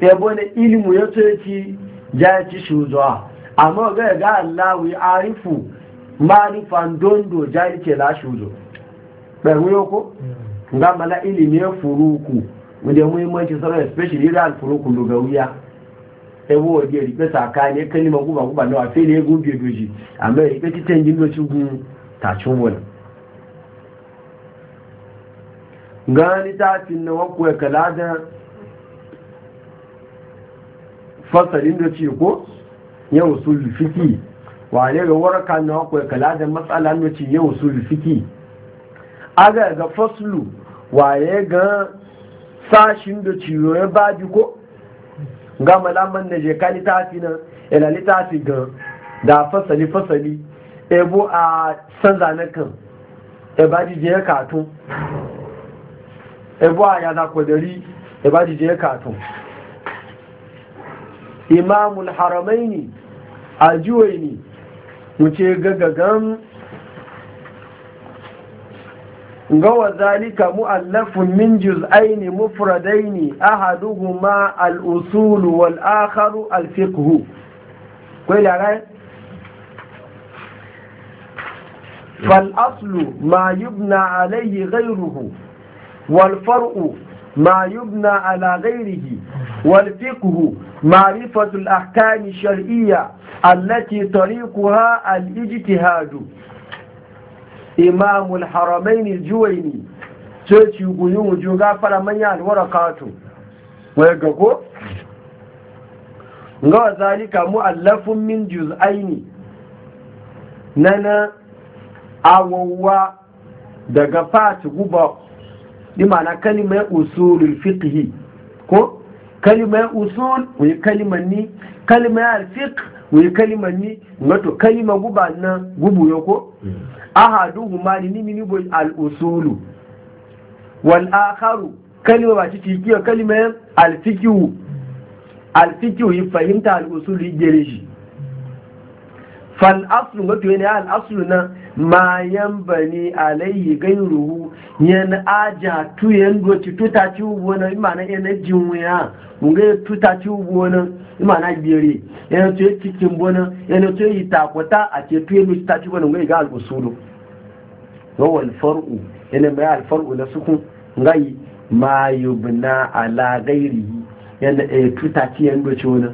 ebe ne ilimu ya ce ya ci shuzuwa amma ga ga allawi arifu marifan dondo ya yi ke la shuzo ɓaru yoko ga mala ilimi ya furuku wanda muhimmanci sauran especially da alfuruku lugawiya ewu oge rikpe tsakani kalima guba na wafe ne gun biyu doji amma wani fasalin da ce ko yau sulfiki wane ga waraka na akwai kala da matsala na ce yau fiki aga ga faslu waye ga sashin da yau ya baji ko ga malaman da je ka na, nan ila litafi ga da fasali fasali ebo a san zane kan e baji je katun ebo a yana kwadari e ba baji je katun imamul haramaini a juwaini wuce gagagan gawa zalika mu'allafun min juz'aini mufradaini ahaduhuma al-usul wal akharu al-fiqh ko ila fal aslu ma yubna alayhi ghayruhu wal far'u ما يبنى على غيره والفقه معرفة الأحكام الشرعية التي طريقها الاجتهاد إمام الحرمين الجويني تشي بيوم جوغا فرمي الورقات ويقول ga ذلك مؤلف من جزئين ننا awawwa دقفات fati bi ma'ana kalimar usulul fiqhi ko kalimar usul wani kalimar ni kalimar fiqh wani kalimar ni wato kalimar guba na gubu ya ko mm. ahaduhu ma ni ni mini bo al usulu wal akharu kalimar ba ci kiyo kalimar al fiqhu yi fahimta al usulu yi gere shi fal aslu wato yana al aslu na ma yambani alayhi gairuhu yan aja tu yan go ti tuta ti ubo na imana yana jinwiya nge tuta ti ubo na imana to cikin bona yana to itakota a ce tu yan ta ti ga al-usulu wa faru al-far'u na suku ngai ma yubna ala yana e tuta ti yan go ci wona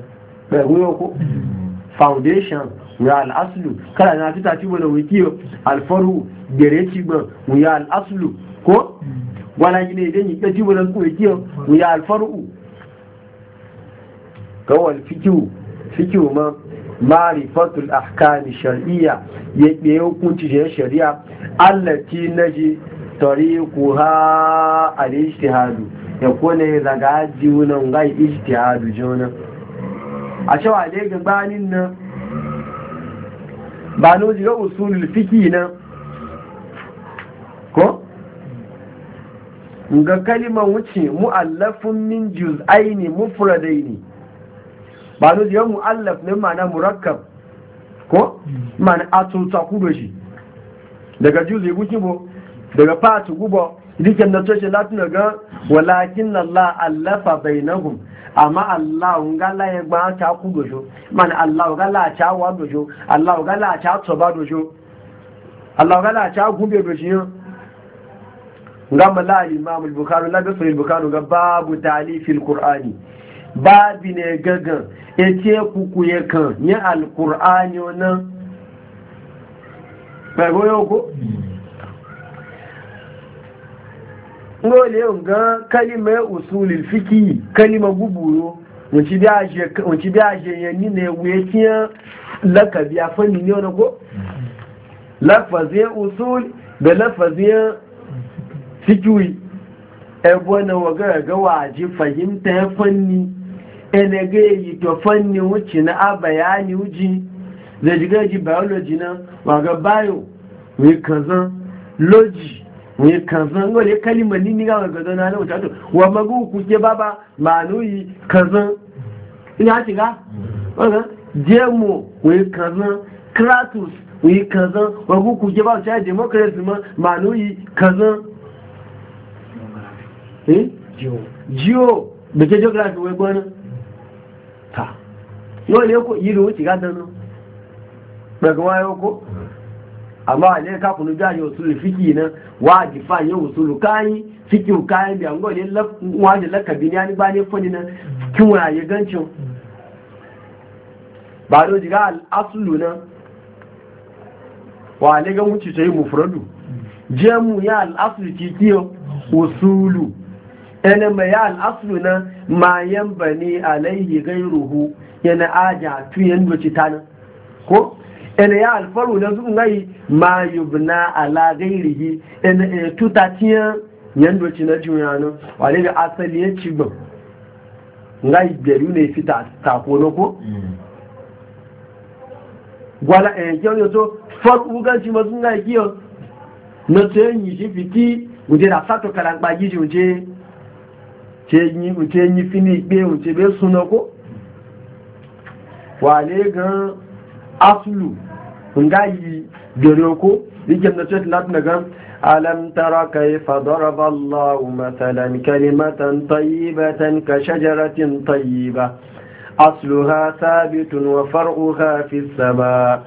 ba ko mm-hmm. foundation ya al'aslu kada na fita ci wani wiki alfaru gere ci ba mu ya al'aslu ko wala gine idan yi ci mana wikiyo mu ya alfaru kawal fikiyu fikiyu ma marifatul ahkami shar'iyya ya yi hukunci shari'a allati naji tariquha al hadu ya kone daga ajiyu nan ga hadu jona a cewa dai gabanin nan ba no ga usulul fiki nan ko ga kalimar wuce mu'allafun min juz'aini mufradaini ba no ga mu'allaf ne ma'ana murakkab ko ma'ana atuta ku da shi daga juz'i guki bo daga fatu gubo dikin da toshe latin ga walakin Allah allafa bainahum amma Allah nga la ya gba ta ku dojo man Allah ga la ta wa dojo Allah ga la ta to ba dojo Allah ga la ta gube dojo nga mala imam al-bukhari la ga sahih bukhari ga babu al qur'ani babu ne gaga yace ku ku ye kan ni al-qur'ani wannan ba go ko ngole nga kalima usulil fiki kalima guburo wanci bi aje ya ni ne wekiya lakabi a fanni ne wani ko lafazin da lafazin fikiwi ebe na ga waje fahimta fanni ene ga yi to fanni na a bayani biology na bayo mai ne kazan wale kalima ni ni gawa na nan wato wa magu kuke baba manuyi kazan ina shiga hmm. wannan kazan kratus kazan baba democracy ma manuyi kazan hmm. eh da ke geography ta ne ko yi da daga wayo ko amma ne ka kunu da ya usul fiki na wa difa ya usul kai fiki lukayi bi ango ne wa lakabi ne ni ba ne fani na kin wa ya gancin ba da wajen ga aslu na wa ne ga mutu yi mufradu jemu ya al'asulu aslu ti kiyo usulu ene ma ya al'asulu na ma yambani alaihi gairuhu yana aja tu yan na ko ene ya alfaru da su ngai ma yubna ala ghairihi ene tutatiya yando ci na juyano wale da asali ya ci gbam ngai gari ne fita tako na ko mm. gwala eh kyau yo to far ugan ci mazu ngai kiyo na tsayin yi ji fiti uje da sato karangba ji uje ce yi uje yi fini gbe uje be wale asulu gaji gare ku yake na cikin latin daga alam tara kaifa fadar Allahu matalan kalimatan tayyibatan ka shajaratin tayyiba ha sabitun wa far'uha fi saba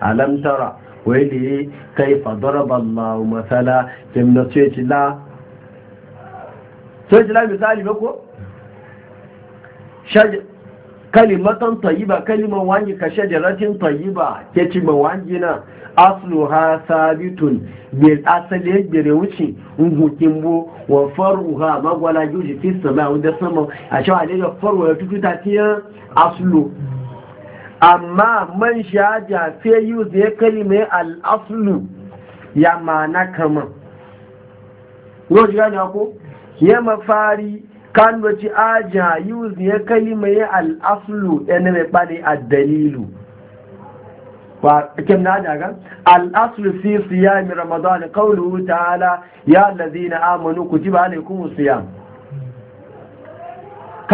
alam tara wele kaifa fadar Allahu matala kin na cikin la cikin la misali ba ko kalimatan tayyiba kaliman wangi ka shajaratin tayyiba ke ci ma wangi na ha sabitun bil asali yadda wuce ngukin bo wa faruha magwala juji fi sama wanda sama a cewa ne da faruwa ya tukuta tiya aslu amma man shaja sai yi zai kalimai al aslu ya na kama. Yau shiga ne ko? Ya mafari kan wace aja yuz ya kalima ya al'aslu yana mai bane a dalilu ba kim na aja ga al'aslu fi siyami ramadan qawluhu ta'ala ya allazina amanu kutiba alaykumus siyam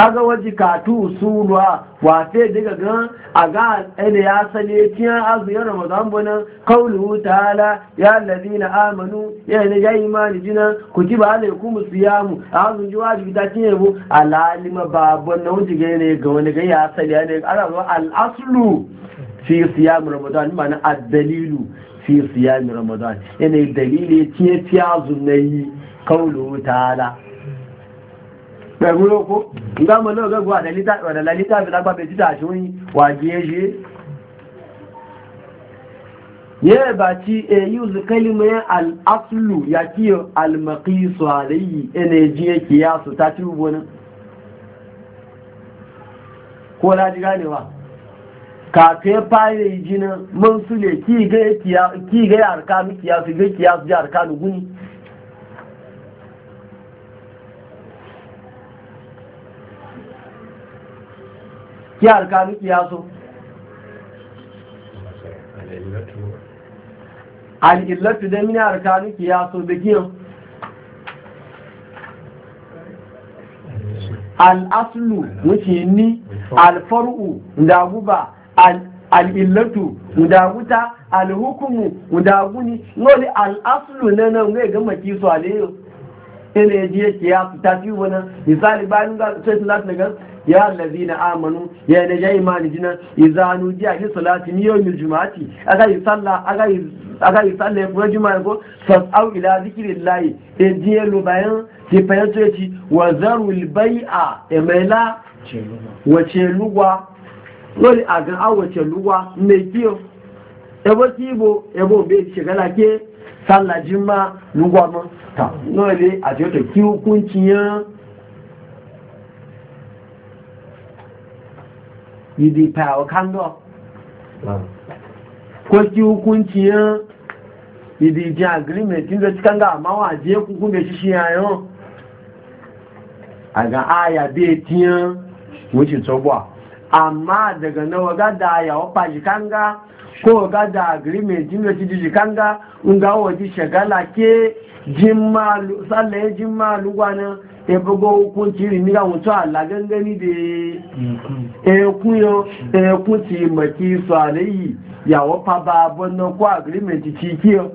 kaga waje katu sulwa wafe daga gan a ga ne ya sani azu, azuyin ramadan bunan kaulu ta'ala ya allazina amanu ya ne ya imani jina kutiba alaikum siyamu azun ji wajibi da ne bu alalima babban na wuce gane ga wani ga ya sani ne ana zo al aslu fi siyam ramadan ma'ana ad dalilu fi siyam ramadan yana dalili tiyan tiyan azun kawul kaulu ta'ala pẹ̀lú lóko ìgbàmọ̀ náà gẹ́gbọ́ àdẹ̀lá lítàbí lágbàbẹ̀ títà àṣíwọ́yìn wà jíé ṣe yẹ́ bá tí èyí kalmar al'aslu ya kí almakisu alayyi ẹni jíé kí ya su ta tí wọ́n kó láti Ki àrùkánú kiyaso? al'illatu don mini àrùkánú kiyaso a so da kiyan al'aslu wuce ni alfaru da guba al'illatu da wuta alhukumu da guni noli al'aslu na nan ga gama kiso alayyau ina yi ya kiyasu ta fi wani misali bayan ga sai lati daga ya allazina amanu ya ne ya imani jina izanu ji a salati ni yawmil juma'ati aga yi sallah yi aga yi sallah ko juma'a ko fasau ila zikrillah e diye lo bayan ti bayan to ci wa zarul bai'a e maila a lugwa me kiyo ebo kibo ebo be shigala ke sallah jima lugwa mo ta lori a je to ki hukuncin yan yìí pàwọ̀ kándọ̀ kó kí hukunci yan ìdí ìjìn agreement ní ọjọ́ kanga àmáwọn àjíyẹ́ kúkún bẹ ṣíṣe àyán àgbà àyà bí etí yan wọ́n ti tọ́bọ̀ àmá daga náà gádà àyà ọpa jìkánga kó gádà agreement ní ọjọ́ jìkánga ń gáwọ̀ ti ṣẹ̀gálà ké jímà sálẹ̀ lúgbà náà ebogo hukunci rimi ga mutu gani gangani da ekun yo ekun ti maki su alayi yawo fa ba bonno ko agreement ti kiyo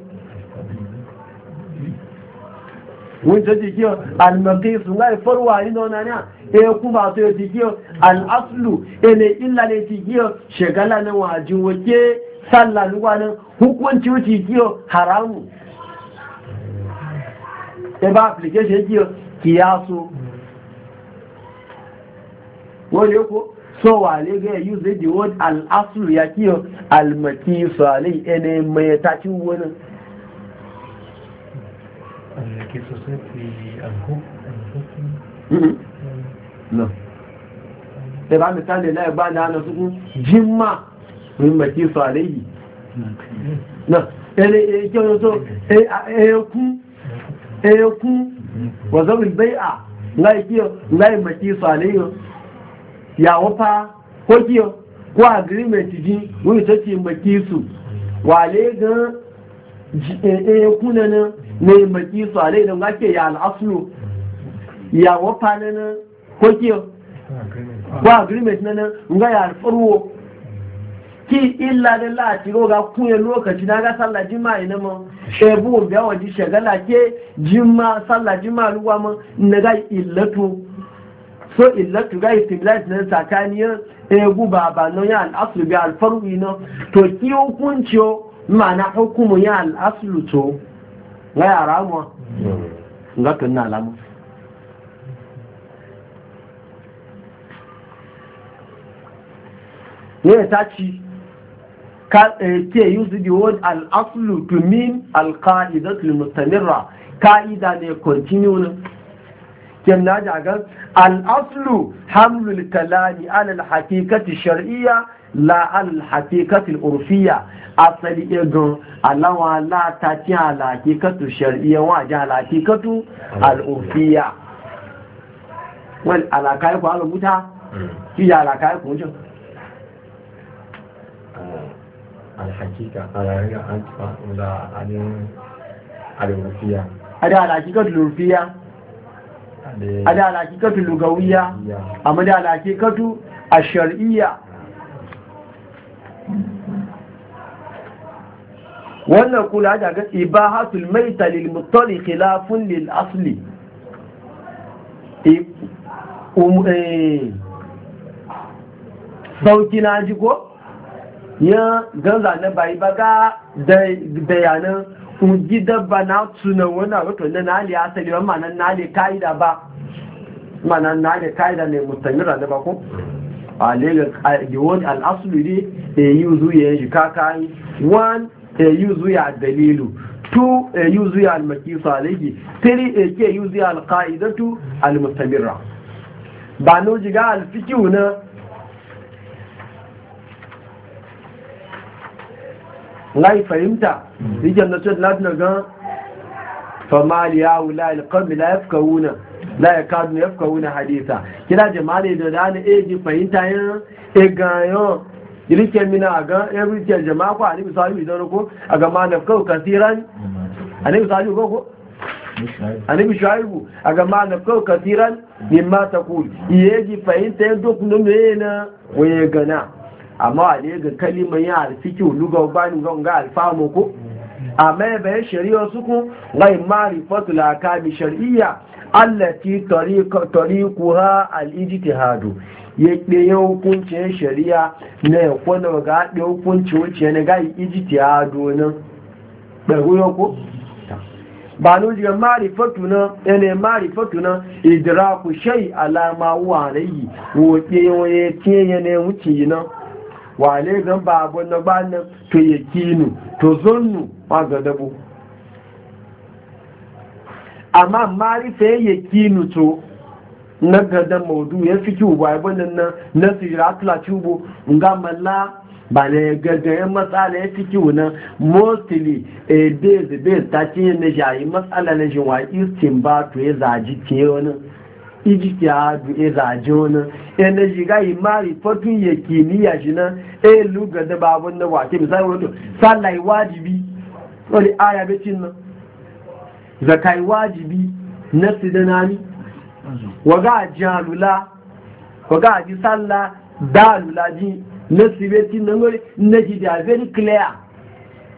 wọ́n jẹ́ ti kíọ́ alìmọ̀kísù láì fọ́rọ̀wà nínú ọ̀nà náà ẹkùn bá tó ti kíọ́ al'aflu ẹni ìlànà ti kíọ́ ṣẹ̀gálà náà wọ́n àjíwọ̀ jẹ́ sálà níwà náà hukunci ti kíọ́ haramu ẹba application kíọ́ kiyasu wani ko so wa ga ya kiyo ene mai wani Da ba ba suku jimma maki wa zamin bai'a ngai kiyo ngai maki saliyo ya wafa ko kiyo ko agreement ji wani tace maki su wale ga eh kuna na mai maki saliyo don gake ya al'asuro ya wafa na ko kiyo ko agreement na na ya alfarwo ki illa da latiro ga kuye lokaci na ga sallah jima'i na man shebu ga waje shagala ke jima sallah jima'i ruwa man na ga illatu so illatu ga istimlais na tsakaniyar egu baba no ya al'aslu bi alfarwi no to ki hukunci ma'ana hukumu ya al'aslu to ga yara mu ga tunna alamu ne ta ci ce use the word al-aslu to mean al-qa'ida to mustamirra qa'ida ne continue kin na ji aga al-aslu hamlul kalami ala al shari'a shar'iyya la al-haqiqati al-urfiyya asali alawa ta ti ala haqiqatu wa ja hmm. ala alhakika a yayin antifa da alin alwufiya ada alhakika lufiya ada alhakika lugawiya amma da alhakika ashar'iyya wannan kula da ga ibahatul maita lil mutali khilafun lil asli um, eh, sauki na ji ko? ya ganza na bayi ba ga bayanan ungi dabba na tunan wani rukun na nali asali ba manan nali ka'ida ba manan nali ka'ida ne mutanira da bako ko a lega yiwon al'asulu ne a yi e zuya ya jika kayi one a yi e zuya dalilu two a e yi zuya al-makisu alaiki three a ke yi zuya al-ka'idatu al ba no jiga alfikiyu na lai fahimta yake na ce latin gan famali ya wula alƙalmi la ya fuka wuna la ya kadu ya fuka wuna hadisa kira jama'a da da na eji eh, fahimta yin egayon eh, ilike mina a ga yarike eh, jama'a ko a nufi sahibi idan ko a ga manaf kawo kasiran a nufi sahibi ko ko a nufi shahibu a ga manaf kawo kasiran min mata kuli iye ji fahimta yin dokunan mai na waye gana amma a ɗaya ga kalimar yin alfiki luga bani ga ga alfamu ko amma mai bayan shari'a su ku. suku mari fatu la bi shari'a allati tariquha alijiti hadu ya hukunci ya shari'a na ya kwana ga ɗaya hukunci wuce na ga hadu nan ɗaruwa ko ba no jiga fatu na ene marifatu na idraku shay ala ma wa alayhi wo ke yo ye ke ye ne wuci na wale zan ba abun na ba nan to kinu, to zonu ma ga dabo amma sai ya kinu to na gadan maudu ya fi ki ba abin nan na ci tubo ga malla ba na ya matsala ya fi ki na mostly a eh, base base ta ci na jayi matsala na jin wa istin ba to ya zaji ke wani ijtihadu izajona yana shiga imari fatun yakiniya shi nan eh luga da babun na wace misali wato sallai very clear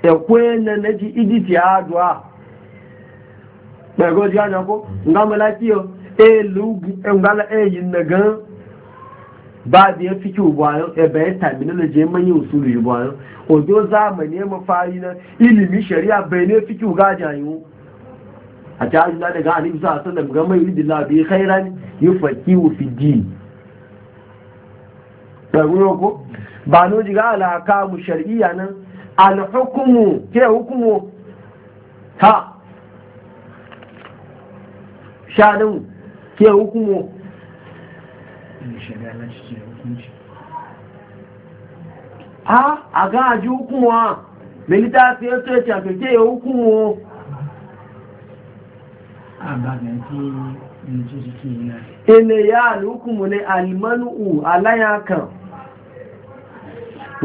e ko nga ngala eyin na gan ba da ya fi kyau bayan ebe tamina na je manyan usulu yi bayan ojo zamani mafari na ilimi shari'a bai ne fi kyau gaja yi a ta yi na daga hannun sa sun da khairan yi faki wa fi ko ba jiga alaka mu shari'a nan alhukumu ke hukumu ha shanin kí hukumu a àgá àjú hukumu a mẹ́lítà fi ẹ́tọ́ ẹ̀tì àgbẹ̀jẹ́ ẹ̀ hukumu o ilẹ̀ ya alhukumu ne almanu'u alayakan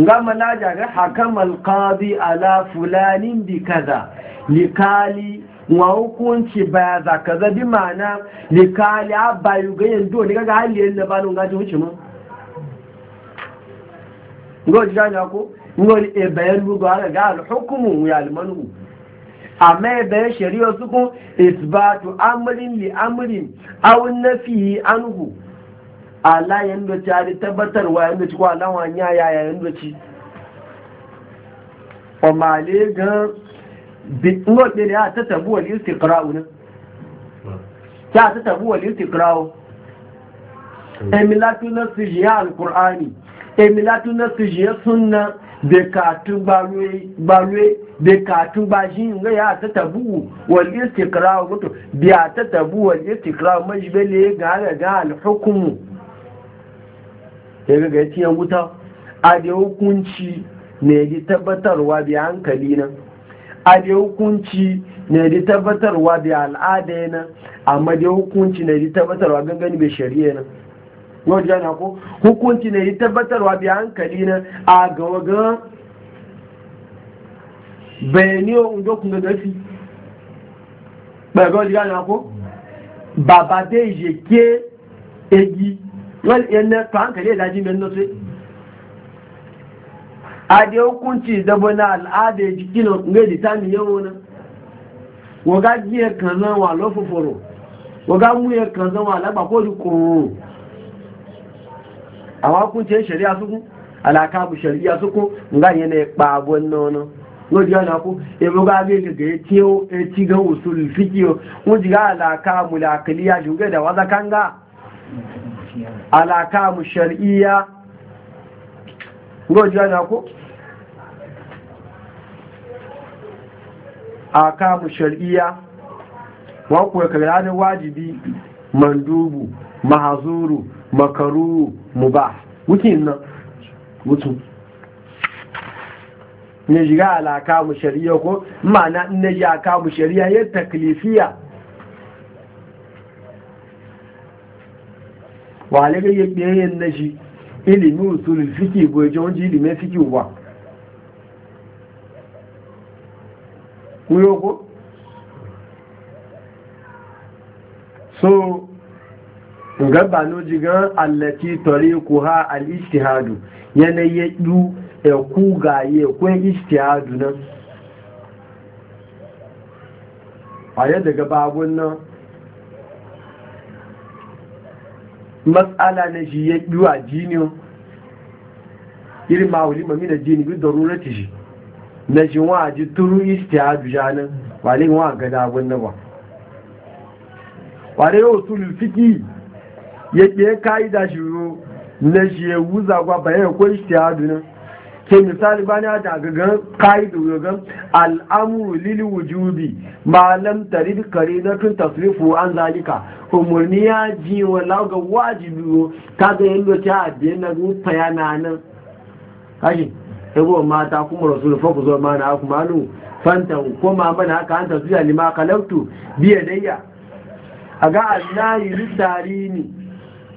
ga malaja ga hakamal qadi ala fulanin bi kaza likali wa hukunci baya za ka zabi mana ne ka ya bayu ganyen do ne kaga hali na bani ga ji wuce mun ngo ji dani ko ngo e bayan lugo ala ga al hukumu, ya al manu amma e bayan shari'a su ko isbatu amrin li amrin aw nafi anhu ala yanda tabbatar wa yanda ci ko ala wanya ya yanda ci o male gan ngo ne ya ta tabu wal istiqra'u ne ya ta tabu wal istiqra'u hmm. emilatu nasiji ya alqur'ani emilatu nasiji ya sunna de ka tun gbalwe gbalwe de ka tun gbaji nga ya ta tabu mutu bi ya ta tabu wal istiqra'u majbele ga ga al hukmu ya ga tiyan wuta a da hukunci ne ji tabbatarwa bi hankali nan a da hukunci na da tabbatarwa da al'ada yana amma da hukunci na da tabbatarwa gangani mai shari'a yana yau jana ko hukunci na da tabbatarwa da hankali na a gawaga bayani yau inda kun gafi gbẹ̀gbẹ̀ jana ko bàbá dé ìyèké egi wani yana ka hankali ya daji mai nasu a da hukunci da na al'ada ya jiki na ngai da tani yawo na waga jiya kan zan wa lofoforo waga muya kan zan wa lagba ko ji koro a wakunce shari'a suku alaka bu shari'a suku ngai yana ya kpabo nono lójú ọ̀nà kú ebogá bí gẹ̀gẹ̀ tí ó ti gan òsùlù fíkí o wọ́n jìgá àlàkà da àkìlíyà ṣùgbẹ́ ìdàwà zakanga àlàkà àmùsẹ̀ríyà lójú ọ̀nà kú a kamu shari'a wakuwa kagiranin wajibi mandubu mahazuru makaru mubah wukin nan mutu ne shiga alaka mu shari'a ko ma'ana in na ji aka mu shari'a ya taklifiya wa ga yadda yayin na shi ilimin usulul fiki gojon ji ilimin fiki ba kuyoko so gaba no jigan allati ha al ishtihadu yana yadu e ku gaye ko e ishtihadu nan aya daga babun nan mas'ala ne shi yadu a jini irin ma wuli mamina jini bi darurati shi na shi wa ji turu istihadu janin wale wa ga dagun na ba wale yau su lufiki ya ke da shi ro na shi ya wuza gwa bayan ko istihadu nan ke misali bani a dagagan da yogan al'amuru lili wujubi ma kare na tun tasrifu an zalika umarni ya ji wa lagawa wajibi ta ga yin lokaci a biyan na rufa yana nan sabo mata kuma rasu fa ku zo mana aku malu fanta kuma mana haka anta zuya ma kalautu biya dayya aga allahi lisarini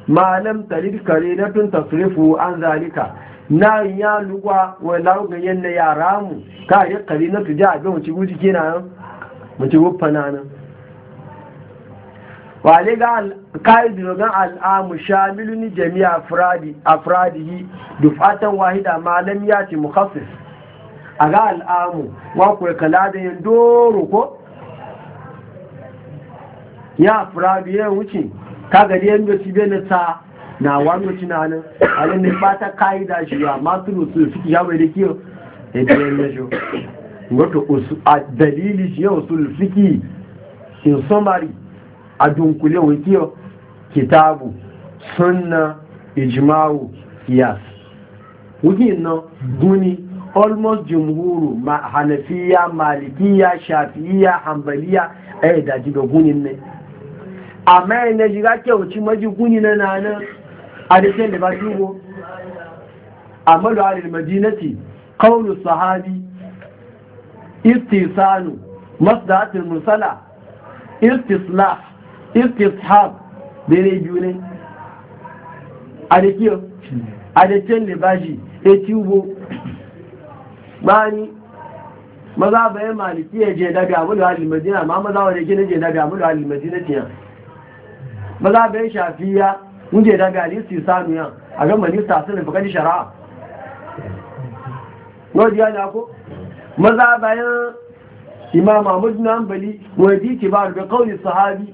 ma lam tarid tun tasrifu an zalika na ya lugwa wa lauga yanna yara mu ka ya karinatu da abin mu ci guji kenan mu ci na. nan wale ga ka'idu ga al'amu shamilu ni jami'a afradihi dufatan wahida malam ya ce mukhassis a ga al'amu wa ku kala da yin ko ya afradi ya wuce ka gari yan ci bene ta na wani cina nan alin ne ba ta ka'ida shi ba ma turu su suke ya bai da kiyo e ya biyan na shi wato a dalili shi usul sulfiki in summary a dunkule wakiyo kitabu sunna Ijimawu, qiyas wakin na guni almost jimuru; ma hanafiya malikiya shafi'iya a yi eh, daji ga gunin ne amma yana jiga kyauci maji guni na nana a da sai ba dubo a da alil madinati kawo sahabi istisanu masdatul mursala istislah istishab daidai biyu ne a da kiyo a da can libashi ya e Ba ni. maza bayan maliki ya je daga mulu halin madina ma maza wa da gina je daga mulu halin madina tiya maza bayan shafiya mun je daga alisti sanuya a ga malista sun rufe kadi shara'a wadda ya nako maza bayan imam ahmad na ambali wadi ke ba da kauli sahabi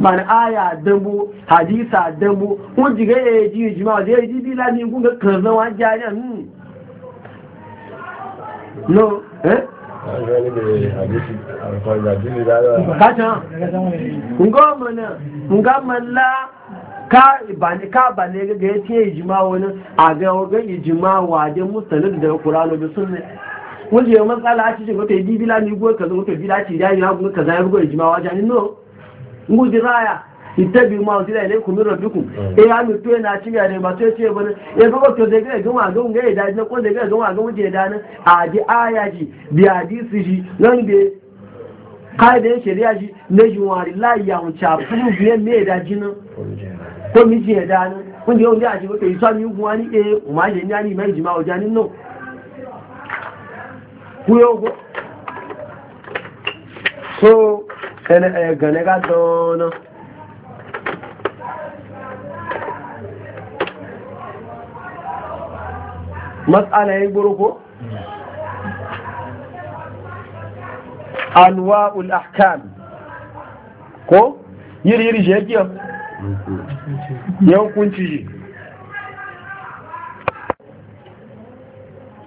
man aya dambo hadisa dambo wọ́n jìgẹ́ èjì ìjìmá ọ̀dẹ́ èjì bí láti ikú kan náà wọ́n jẹ́ ayé mú no eh ka ba ne ga ya ji ijima wani a ga ga ijima wajen musulun da kurano da sunne wanda ya matsala a cikin wata yi bibila ni ka kaza ko bibila ci da ya gwa kaza ya gwa ijima wajen no ngudi raya itabi ma o tilẹ̀ lẹ́kùn mìíràn dúkùn a fún bí ẹ̀ mí ẹ̀dá jiná kó mi mi so Eh, gane ga dona matsala ya gburu ko? anwa'ul ahkam ko yiri yiri je kiyo yau kunci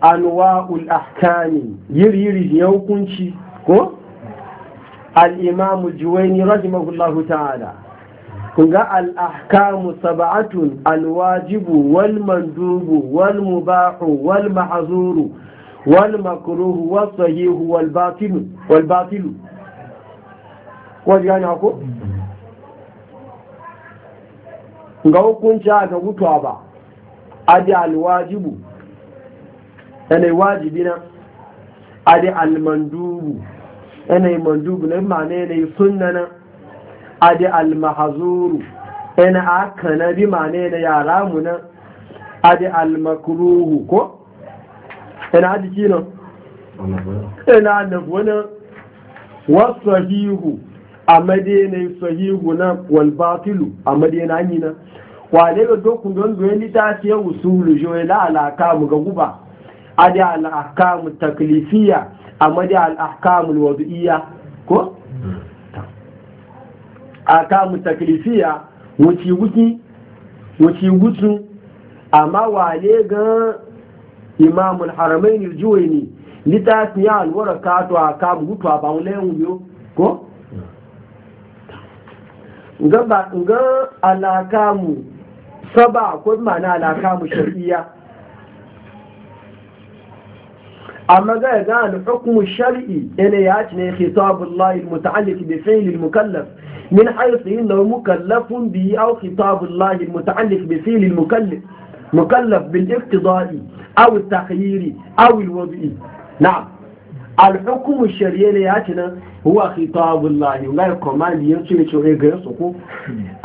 anwa'ul ahkam yiri yiri yau kunci ko al’imamu juwaini rahimahullahu ta’ala ga al’akamu saba'atun alwajibu walmandubu walmubahu walmahazuru walmakuruhu wasahihu walbafilu wajiyar yako? ga hukunci aka mutuwa ba adi alwajibu yanayi wajibina adi almandubu yanayi mandubu na ma'ana yanayi sunnana adi da almahazuru yana aka na bi ma'ana yana yara muna a da almakuruhu ko yana haji kinan yana da wani wasu sahihu a madiyanayi sahihu na walbatilu a madiyanayi na wale ga dokun don doyen littafi ya usulu joye la alaka mu ga guba a da alaka mu taklifiya amma dai al'akamul iya ko? akamu taklifiya wuce gutsu amma wale ga imamul haramai ne juwe ne littafin ya alwara kato a kamu gutu a baunayen wuyo ko? gan alakamu saba ko mana alakamu shari'a amma ga ga al-hukmu shar'i ina ya ci ne khitabullahi al-muta'alliq bi fi'li al-mukallaf min haythu innahu mukallafun bi aw khitabullahi al-muta'alliq bi fi'li al-mukallaf مكلف بالاقتضاء او التخيير او الوضع نعم الحكم الشرعي لياتنا هو خطاب الله ولا كمان يمشي شو يغرسكو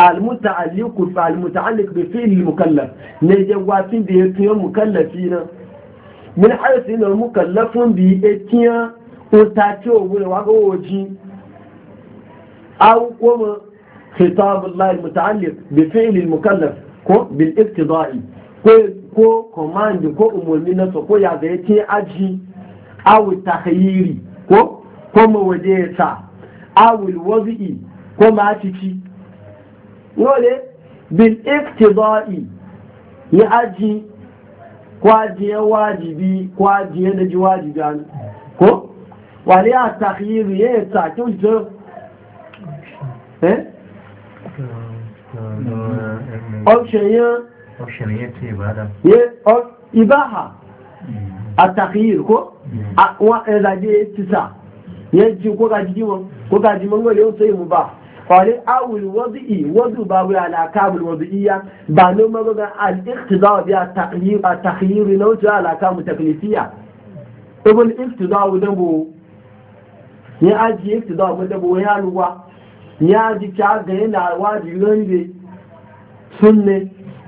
المتعلق المتعلق بفعل المكلف نجواتين دي مكلفين min harsi na mukallafin bi etiyan utace wuri waga woji au kuma khitab Allah muta'alliq bi fi'l mukallaf ko bil iqtida'i ko ko command ko umurni na so ko ya da yake aji au tahyiri ko ko mawadeta au al-waz'i ko ma cici dole bil iqtida'i ya aji kwajiye wajibi kwajiye da ji wajibi an ko wale a takhiru ya yi takin wuce eh option yin option yin ta ibada a takiri ko mm. a wa ɗaya eh, ya ci sa ya ji ko gaji ko gaji mangole yau mu ba قال اول وضعي وضع باوي على أكاب الوضعية بانو مغا الاختضاء بيا التخيير التخيير نوجه على أكاب التكليفية ابن الاقتضاء ودنبو يا أجي a ودنبو يا لوا يا أجي كاغين الواجب غنبي a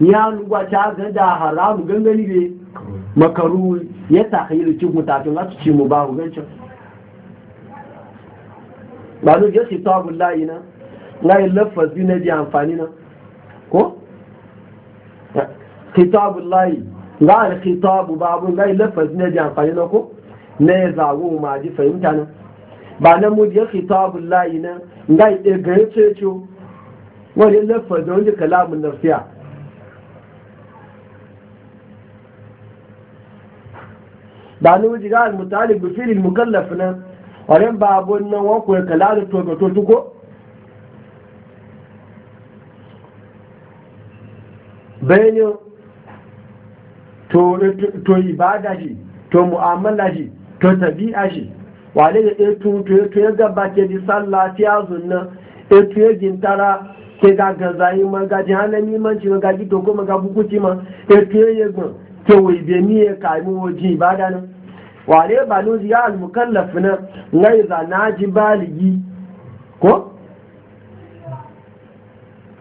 يا لوا كاغين دا حرام غنبي makaru ya ta cin mutafin za su ci mu ba hugancin ba zai jasi tabun layi na layi lafazi na ji amfani na ko? kitabu layi ga alkitabu babu layi lafazi na ji amfani na ko? na ya zago ma ji fahimta na ba na mu ya kitabu layi na ga ɗaya gari cece wani lafazi wani kalamun nafiya ba ni wuji ga almutalib bi filin mukallaf na wani babu nan wakon kalamun tobe to tuko bayanin to ibada shi to mu'amala shi to tabi'a shi wale da etu to etu ya gaba ke di sallah ti azun nan etu ya gintara ke ga gazayi ma ga hana man ci ga ji dogo ma ga bukuti ma etu ya gun ke wai be ni ya kai mu ji ibada nan wale ba no ziya al mukallaf na ngai za na ji baligi ko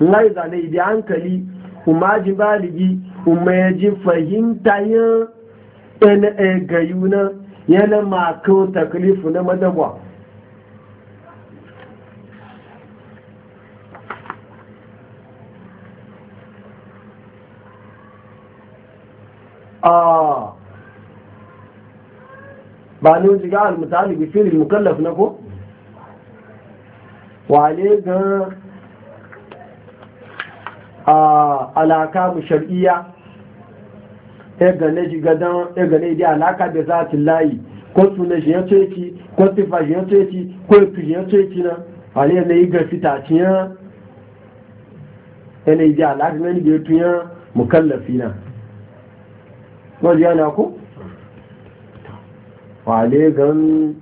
ngai za ne bi hankali umaji baligi umaji fahimta yin ɗana e gayu na yana makon taklifu na madagwa a ba ne wajen ga al-mutalibi filin mukallaf na ko wale ga alaka mu shar'iyya ya e gane shi gadon ya e gane da alaka da za ta layi ko suna shi ya tsoyeci ko tufa shi ya tsoyeci ko yaku shi ya tsoyeci na wani yana yi gafita ta ci ya yana e yi da alaka na ni gaitu ya mukallafi na wajen yana ko wale gan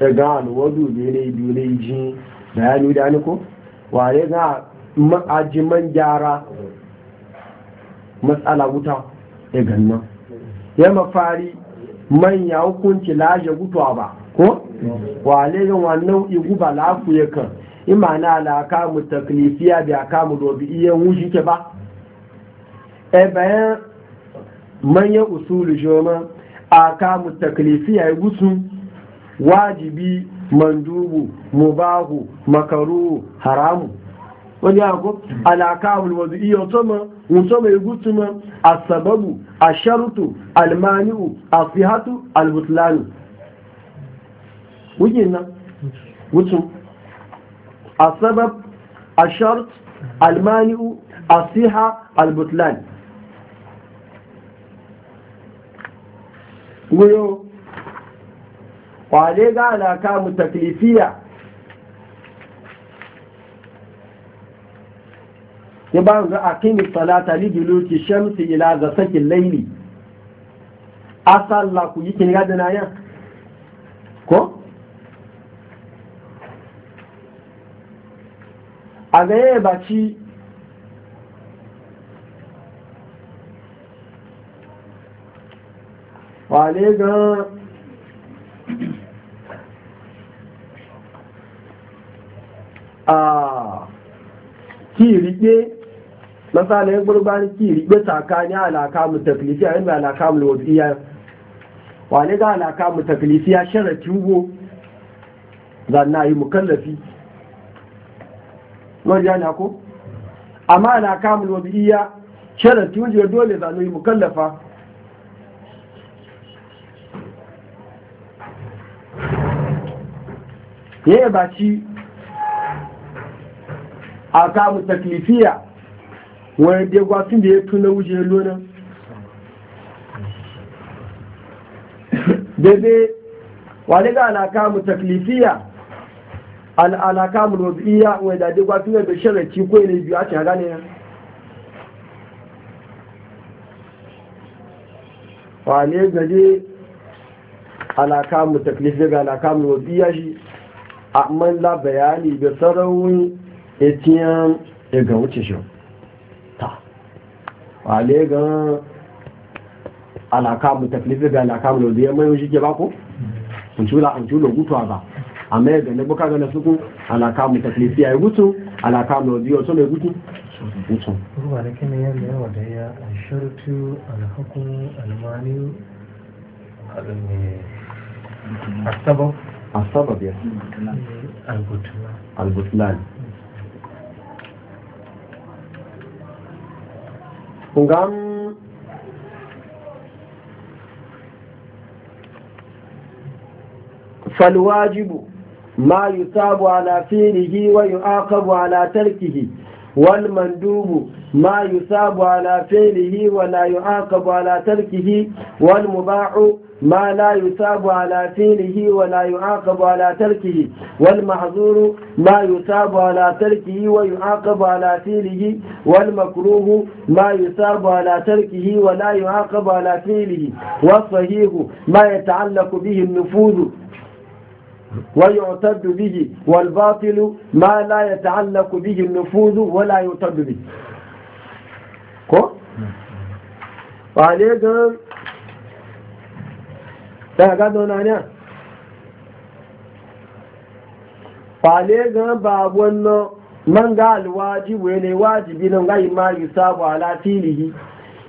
ya ga alwadu ne ne biyu ne ji bayanu da ni ko wale ga ma'ajiman gyara matsala wuta ya ganna ya mafari manya hukunci laje gutuwa ba ko wale yin wannan iguba lafu ya kan imana alaka mu taklifiya da aka mu dobi iya wushi ke ba e bayan manyan usulu joma aka mu taklifiya ya gusu wajibi mandubu mubahu makaru haramu wani ako alakawul wazu iya tuma mutum ya gutuma a sababu a sharutu almani'u a fihatu albutlanu wujen nan gutun a sabab a sharut almani'u a alaka mutaklifiya ya ba ga aqimi salata li duluki shamsi ila ghasaqi layli asalla ku yi kin na aya ko a ga ya baci wale ga a ah, ki rike masalin gurban ki ribe tsakani alaka mu taklifiya yanda alaka mu wadiya wani ga alaka mu taklifiya sharati tuwo zanna yi mukallafi wani na ko amma alaka mu wadiya sharati go dole zanna yi mukallafa Ya ba ci a kamun taklifiya wọ́n dé wá tún lè tún lówó jẹ lónà bebe wà nígbà alakamu taklifiya alakamu robiya wọ́n dàdé wá tún lè ṣẹlẹ̀ tí kó ilé ibi àti àgá wà ní gbẹ̀dẹ̀ alakamu taklifiya ga alakamu robiya shi a manla bayani da sarawun etiyan ga wuce wale gan alakamu taklifi ga alakamu da biyan mai shi ke bako kuncula kuncula gutuwa ba amma ya gane buka gane suku alakamu taklifi ya yi gutu alakamu da biyan sun mai gutu gutu ruwa da kene yan da yawa da ya shartu alhakun almani asabab asabab ya albutlan albutlan Ngam falwajibu ma yusabu ala filihi wa yu'aqabu ala tarkihi wal mandubu ma yusabu ala filihi wa la yu'aqabu ala tarkihi wal mubahu ما لا يثاب على فعله ولا يعاقب على تركه والمحظور ما يثاب على تركه ويعاقب على فعله والمكروه ما يثاب على تركه ولا يعاقب على فعله والصحيح ما يتعلق به النفوذ ويعتد به والباطل ما لا يتعلق به النفوذ ولا يعتد به ko? ta ga zauna ne fale gan ba wannan man ga alwajibu ne wajibi nan ga ma yusabu ala filihi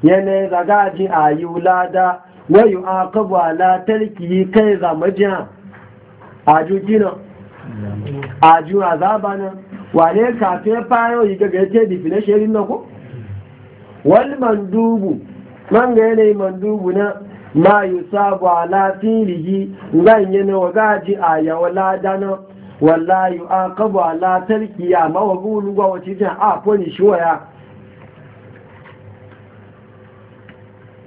yana zaga ji ayulada wa yu'aqabu ala tarkihi kai zamajiya aju kina aju azaba nan wale kafe fayo yi ga gace definition din nan ko wal mandubu man ga yanayi mandubu na ma sabu ala filihi ganye ne wa gaji a yawala dana wala a kabu ala tarkiya ma wa gulu gwa wati ta a foni shiwaya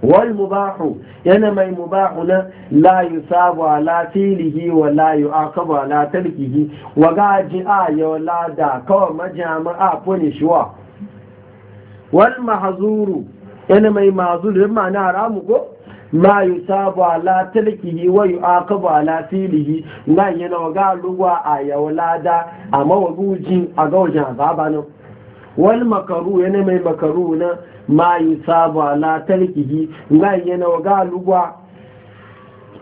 wal mubahu yana mai mubahu na la sabu ala filihi wa la a kabu ala tarkihi wa gaji a yawala da kawai majami a foni shiwa wal mahazuru yana mai mazuru ma'ana haramu ko ma yusabu ala tilkihi wa yu'aqabu ala filihi ngan yana ga lugwa a lada amma waguji a gaujin azaba nan wal makaru yana mai makaru na ma yusabu ala tilkihi ngan yana ga lugwa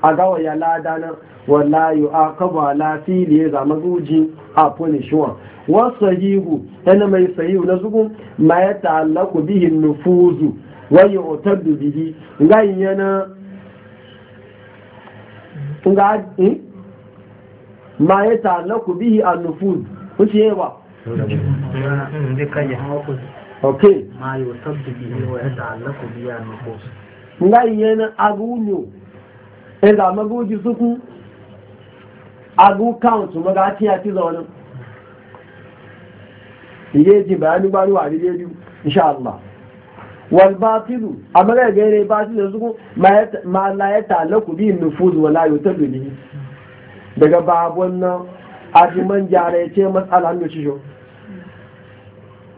a gawa ya lada nan wala yu'aqabu ala filihi ga maguji a Wasu wasahihu yana mai sahihu na zugun ma ya ta'allaku bihi nufuzu wayo otar da bihi nga yana eh? ma ya ta'allaku bihi an nufud kuce yawa ok ma ya bihi ya ta'allaku bihi an yana agunyo da magoji suku agu count maga ati iye ji bayani wa bidiyo insha Allah والباطل أما غير باطل يزقو ما ما لا يتعلق به النفوذ ولا يتبع به daga babon nan ajiman gyara ya ce matsala hannu ci shau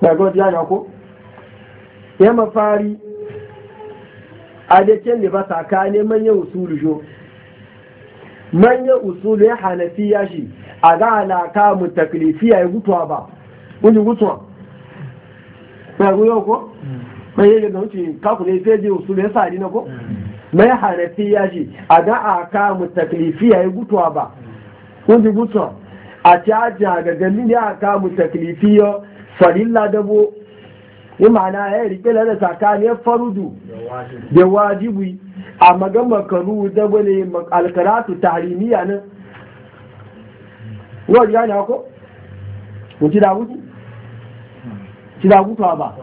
daga wata yana ko ya mafari a da kyan da ba tsakanin manyan usulu shau manyan usulu ya hana ya shi a ga alaka mu taklifiya ya gutuwa ba kun gutuwa yau ko hmm. ɗaya daga wuce ne, sai je su ya sa na ko mai harafi ya ji a ga a kamu taklifi ya yi gutuwa ba kun gutuwa a caji a gagalin ya kamu taklifi ya farilla dabo yi ma'ana ya yi rike da ka ne farudu da wajibi a magan makaru da ne alkaratu tarimiya nan wani ya ne hako? ci da gutu? Ci da gutuwa ba?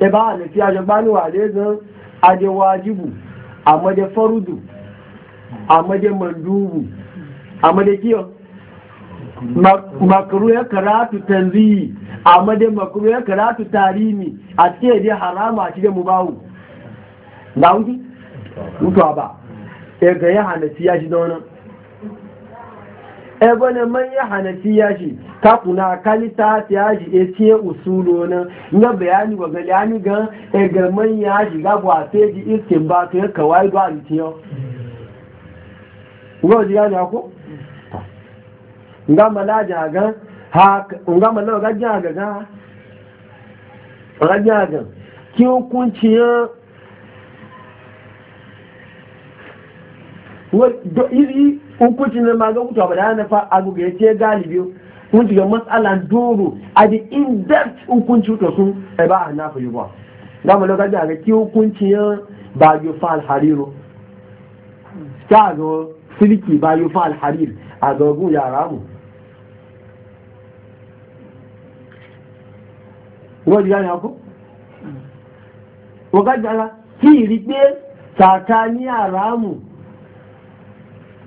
sai ba a nufi ajo ba ni wale zan aje wajibu a maje farudu a maje mandubu a maje kiyo makaru ya karatu tanzihi a maje makaru ya karatu tarimi a cikin yadda harama a cikin mubahu na wuce? mutuwa ba ya ga ya hana siya shi da wannan ebe ne manya hanafi ya shi ta kuna kalita ta ya shi e ce usulo na nga bayani wa gali ani ga e ga manya shi ga ba sai ji iske ba to ya kawai ga an tiyo ngo ji ga ko e e e nga mala ja ga ha nga mala ga ja ga ga ga ja ga ki hukunci ya wa do iri hukuncin na maga mutuwa ba da hana fa abu ga yace galibi kun shiga matsalan doro a di in depth hukunci to sun eh, ba a na fayi ba da mu lokaci a ga ki hukunci ya ba yo fa alhariro ta zo siliki ba yo fa alharir a ga gun yara mu wọ́n di yára kú wọ́n kájọ́ ara kí ìrí pé tàtà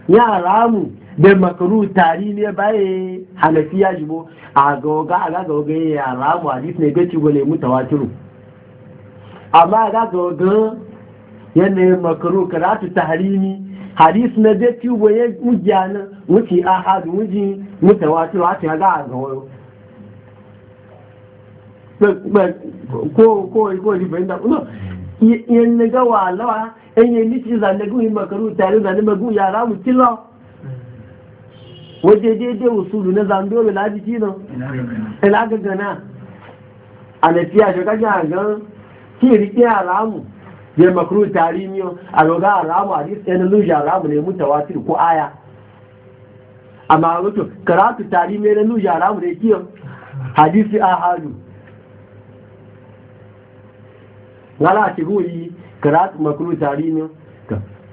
yara mu da makaru tari ne baye hanafi ya jibo a gauga a mu amma ga yana makaru karatu tahrimi hadis na da tubo ya ahadu wuji mutawatiru a ta ga gawo ko ko ko da ẹ̀yẹ ní ti na ìmọ̀kẹ̀rú tàrí zànẹ́gún yàrá mú tí lọ wọ́n jẹ́ déédé òṣùlù ní zàndóòrò láti tí lọ ẹ̀lágẹ̀gẹ̀ náà àlẹ̀fí àṣọkájá àgán kí ìrí pé àrámù jẹ́ mọ̀kẹ̀rú tàrí ní ọ àrọ̀gá àrámù àdíṣẹ́ni lóṣù àrámù ko aya. karatu karat makulu tari ne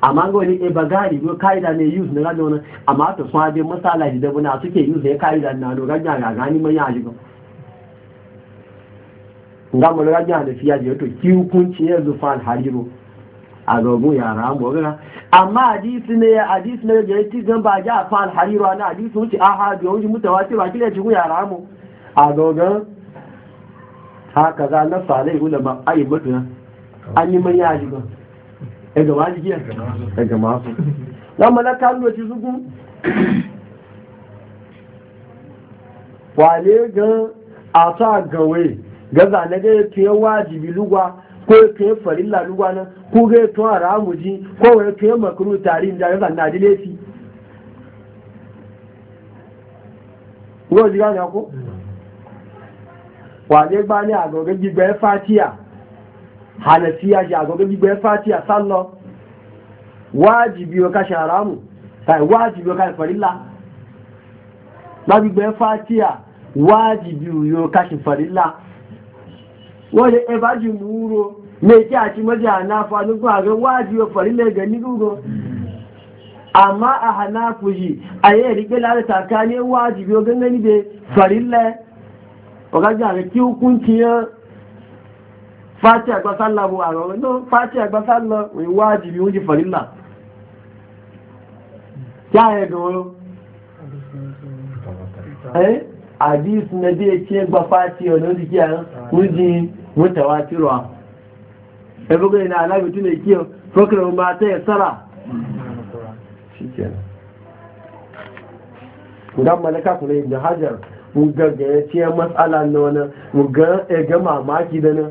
amma ga wani e ba gari ko kaida ne use na gano wani amma ta sun haje masala da buna suke use ne kaida na do ganya ga gani mai ya ji ga mu ganya da fiya da to ki hukunci ya zufa hariro a gabu yara mu ga amma hadisi ne hadisi ne da yake gan ba ja fa hariro na hadisi wuce ha da wuce mutawatir ba kile ci ku yara mu a dogon haka za na falai ulama ayyubatu an yi manya a jikin ya gama jikin ya gama su na malaka hannu ci zugun wale gan a ta gawe gaza na ga fiye wajibi lugwa ko ya fiye farilla lugwa nan ko ga ya tuwa ramuji ko ya fiye makaru tarihin da gaza na dilefi wọ́n jí gánà kó wà ní gbá ní àgọ̀gẹ́ gbígbẹ́ fátíà halaci ya ṣe àgọ́gẹ́ gbígbẹ́ ṣe àrámù tàí wájìbí ọká ìfàrílà gbígbẹ́ fàtí à wájìbí ọká ṣe ìfàrílà wọ́n lè ẹbájì múúrò méjì àti mọ́jì ànáfà nígbà rẹ̀ wájìbí ọfàrílẹ̀ ẹ̀gẹ̀ nígbùgbò amma a hanafu yi a yi rike láti tàkà ní wájìbí ọgẹ́gẹ́ níbi farilla ọgájà rẹ̀ kí hukunci fati agbasala wo àrọ̀ rẹ̀ fati agbasala ìwádìí bí wọ́n ti fọ̀lílà kí a yẹ gan ọ́rọ́ ẹ́ fati ọ̀nà ó ti kí àrán wọ́n di wọ́n tẹ̀wá tí rọ̀ ẹgbẹ́gbẹ́ ní alábìtú lè o. ọ fọ́kẹ̀rẹ̀ ọmọ atẹ́ sara. sára ga malaka kula ibn hajar mun ga ga na wani mun ga ga mamaki da nan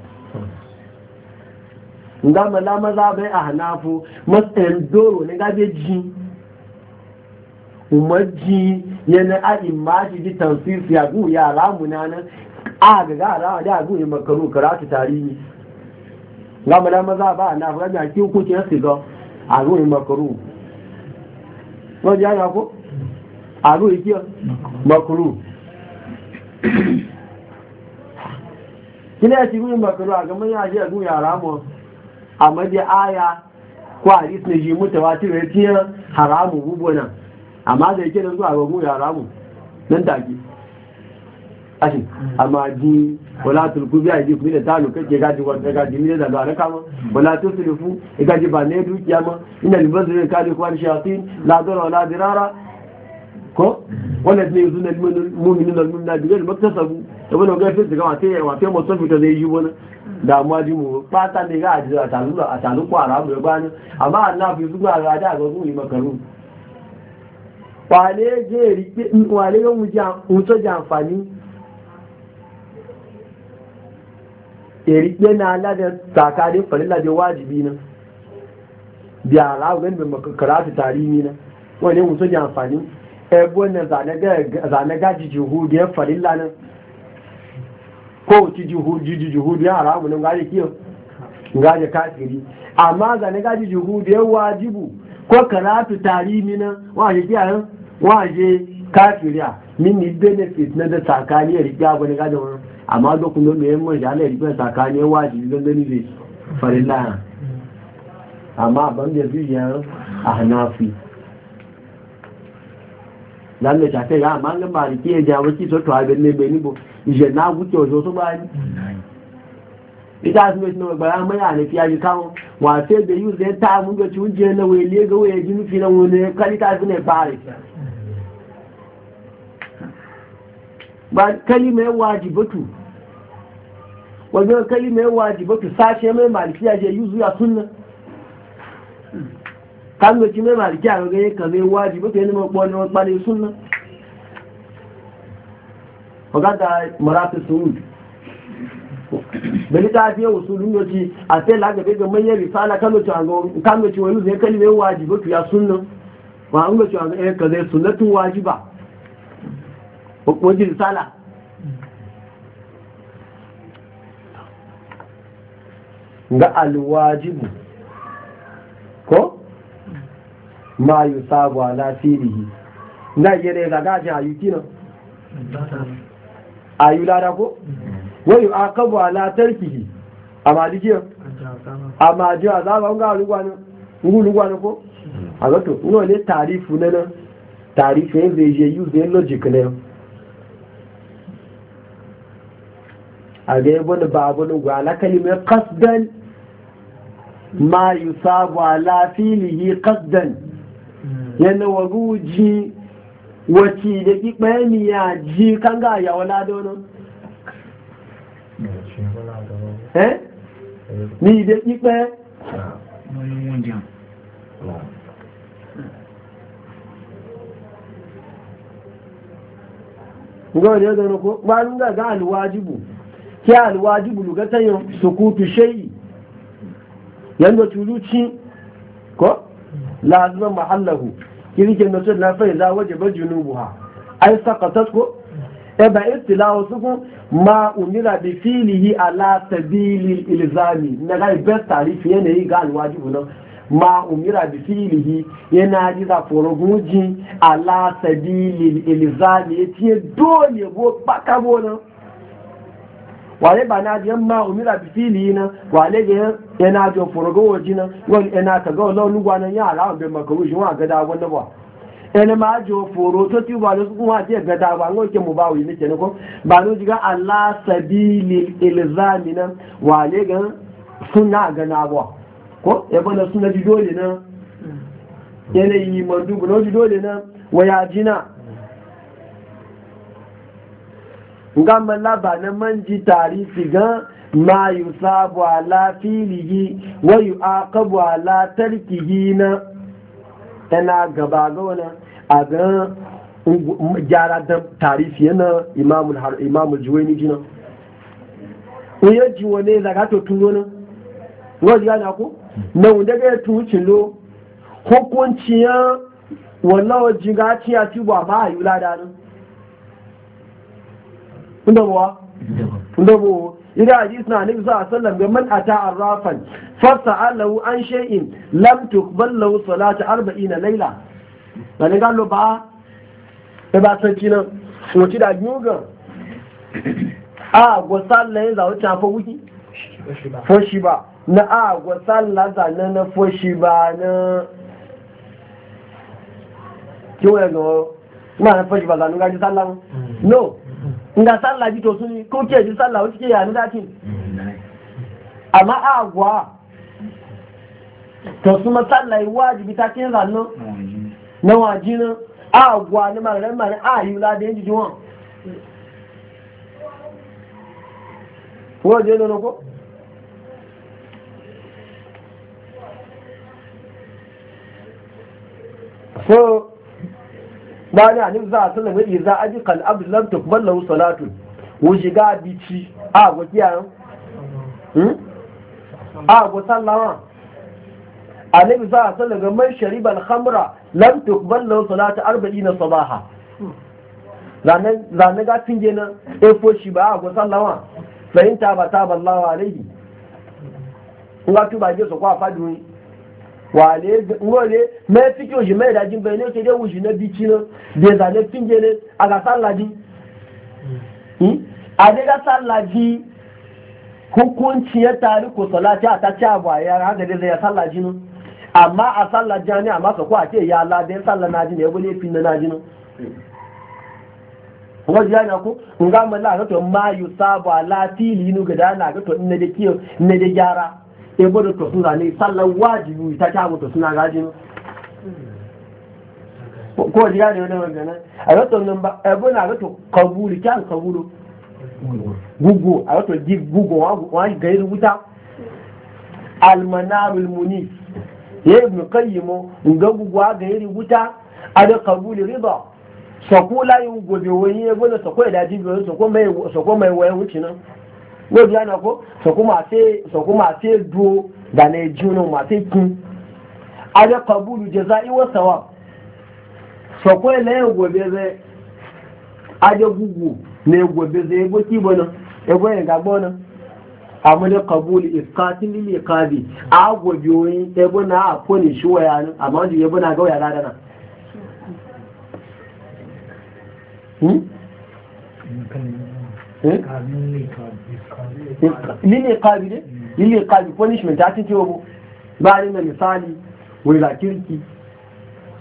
nga mala maza bai a hanafu matsayin doro ne gabe ji umarji yana a imaji ji tansisi ya gu ya ramu na nan a ga ga rawa da gu ne makaru karatu tarihi nga mala maza ba a nafu gabe a kiwo kuce ya siga a gu ne makaru wọ́n jẹ́ àyà kó àrú ìkíọ́ makaru kí lẹ́ẹ̀sì gu ne makaru a gaman ya a ẹ̀gún yàrá mọ́ a maji aya ko hadis na ji mutawatir ya tiye haramu gugu nan amma da yake nan zuwa gugu ya haramu nan take ashin amma ji wala tulku bi aji kuma da talu kake gaji wanda gaji ne da zalaka kama wala tusrifu gaji ba ne dukiya ma inna al-bazra kali kwani shayatin la dara wala dirara ko wanda ne yanzu na muminin da mumina bigar da maktasabu da wani wajen fi daga wata yawa ta masu fita zai yi wani damuwa ji mu fata ne ga a talu a talu mu ya bani amma an na fi zuwa ga da ga zuwa yi makaru wale je rike ga mu ja amfani e na ala da tsakanin farilla da wajibi na biya ala ga ne makaratu tarihi na amfani ebo na zane gaji jihudiyar farilla nan kowace ya haramu na gaji kiyo gaji kafiri amma zane gaji ya wajibu ko kana karatu tarimi nan waje kiyayen waje kafiriya mini benefit na da ya rikiya gwani gaji wani amma dokun don mai mun jale rikiya tsakaniyar wajibi don gani zai farilla amma ban da zuciyar a hanafi lálẹ́ ìṣàfẹ́ ìyá àmá ń bá rí kí ẹja àwọn tí ìṣòtò àgbẹ̀ lẹ́gbẹ̀ níbo ìṣẹ̀ náà gúkẹ́ ọ̀ṣọ́ tó bá rí nígbà tí wọ́n ti náà gbàrá mọ́yà àlè fi ayé káwọn wà á fẹ́ bẹ yóò zẹ́ tá àwọn oúnjẹ tí ó ń jẹ náà wọ́n ilé ẹgbẹ́ wọ́n ẹjú fi náà wọn kánú tí mẹ́mà àríkí àrùn gẹ́gẹ́ kan lé wájú bó tẹ́ ní mọ́ pọ́ ní wọ́n parí súnná ọ̀gádà mọ̀rá ti sùúrù bẹ̀rẹ̀ ká fi a sùúrù ní ọtí àtẹ́ lágbẹ̀gbẹ̀ mẹ́yẹ̀ rí sáálà kánú tí wọ́n ga alwajibu ma yi sabu a filihi na yi ne zaga shi ayu kina ayu lada ko wani a akabu ala tarkihi a malikiya a majiya za ba ga lugwanin ko a zato ino ne tarifu na nan tarifu yin zai je yi zai logic na yau a ga yi wani babu lugu a lakali mai kasdan ma yi sabu ala filihi kasdan yana waguji wace da ikpe ni ya ji kan ya wala dono eh ni da ikpe ga ne da ko ba ni ga ga alwajibu ki alwajibu lugatan yau sukutu shay'i yanda tuluci ko lazima mahallahu kirkin mutum na fai za waje ba junubu ha ai sakatat ko e ba ibtila wasu ku ma umira bi filihi ala sabili ilzami na ga best tarif yana yi ga alwajibu nan ma umira bi filihi yana ji za foro ala sabili ilzami ya ce dole go pakabo nan wale ba na jiyan ma umira bi fili na wale ga yana jo forogo waji na wani yana ka ga lawu lugwa nan ya ala be maka shi wa ga da ba ene ma jo foro to ti wale su kuma je ga da ngo ke mu ba wi ne ko ba no jiga allah sabilil ilzamina wale ga suna ga na ba ko e bana suna dole na dole na waya jina gama laba na manji tarifi gan ma yi sabu ala filihi wayu yi akabu ala tarkihi na yana gaba ga wani a ga gyara da tarifi yana imamu juwaini jina uye jiwo ne zaga to tuno na wani gana ku na wunde ga ya tuci lo hukunciyan y'a wajen gaci ya ci ba ma a yi ladanin Kunda ndabuwa ida hadis na nabi sallallahu alaihi wasallam ga man ata arrafan fasa'alahu an shay'in lam tuqbal lahu salatu arba'ina layla bani ga lo ba e ba san kina so ti da nyuga a go sallan za wuce fa wuki foshi ba na a go sallan za na na foshi ba na kiwa ga ma na foshi ba za nuga ji sallan hmm. no nga sallah ji to sun ko ke ji sallah wuce ya ni dati amma agwa to su ma sallah wajibi ta kin ranno na wajina agwa ni ma ran ma a yi la de ji won wo je no ko so bani ne anin za a sallam ya za a ji kal'abdu lam tukbal lahu salatu wo shiga bici a go kiyaye hmm? a go sallama anin za a sallam ga mai shariban hamra lam tukbal lahu salatu na sabaha zane ga tun na efo shi ba a go sallama fahimta ba ta ballawa alaihi in ga tuba je su kwa fadi wale ngole me fiki oji me da jin bene ke de wuji na bici no de za ne pingele aga sallaji hmm ade ga sallaji hukunci ya tare ko salati ta ci abu ya haka de ya sallaji no amma a sallaji ne amma so ko a ce ya la de sallanaji ne bole pin na ji no wọ́n ti yára kó nga mọ̀ láàrín tó máa yóò sáàbọ̀ aláàtìlì inú gẹ̀dá náà tó ní ẹ̀dẹ̀ kí ẹ̀ ní ẹ̀dẹ̀ ebo da to suna ne sallar wajibi ta ta to suna gajin ko jiya ne wani magana a rato nan ba ebo na rato kaburi kyan kabulu gugu a rato gi gugu wa gairi wuta almanarul muni ya yi mu ibn mu ga gugu wa gairi wuta a da kaburi riba sako layin gobe wani ebo da sako da jibi wani sako mai wayan wuce nan wọ́n bí lánàá kó sọ̀kú máa ṣe dúó dànà ẹjú náà máa ṣe kún ajẹ́ kọ̀búlù jẹ́sà ìwọ́ sọ̀wọ́ sọ̀kú ẹlẹ́yìn ògbòbẹ̀rẹ̀ ajẹ́ gbogbo na ògbòbẹ̀rẹ̀ egbó tí ìbọn náà egbó ìgbàgbọ́ náà àmúlẹ̀ kọ̀búlù ìkàtí lílì ìkàbì àgòbì orin náà àpò náà náà hmm? Hmm? lili kabi lili kabi punishment ta ci kewa ba ni misali wai la kirki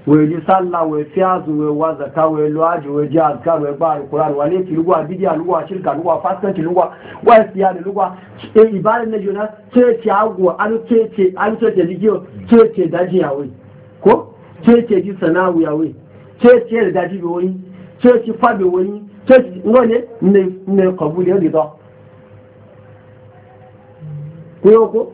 wai ji sallah wai fiyazu wai wazaka wai luwaji wai ji azkar wai ba alquran wale ki lugwa bidiya lugwa shirka lugwa fasikanci lugwa wai siya da lugwa e eh, ibadan na jona ce ce an ce an ce ce ligiyo ce ce daji yawai ko ce ji sana'u yawai ce ce da daji bi wani ce ce fa bi wani ce ce ngone ne ne kabuli yadda ko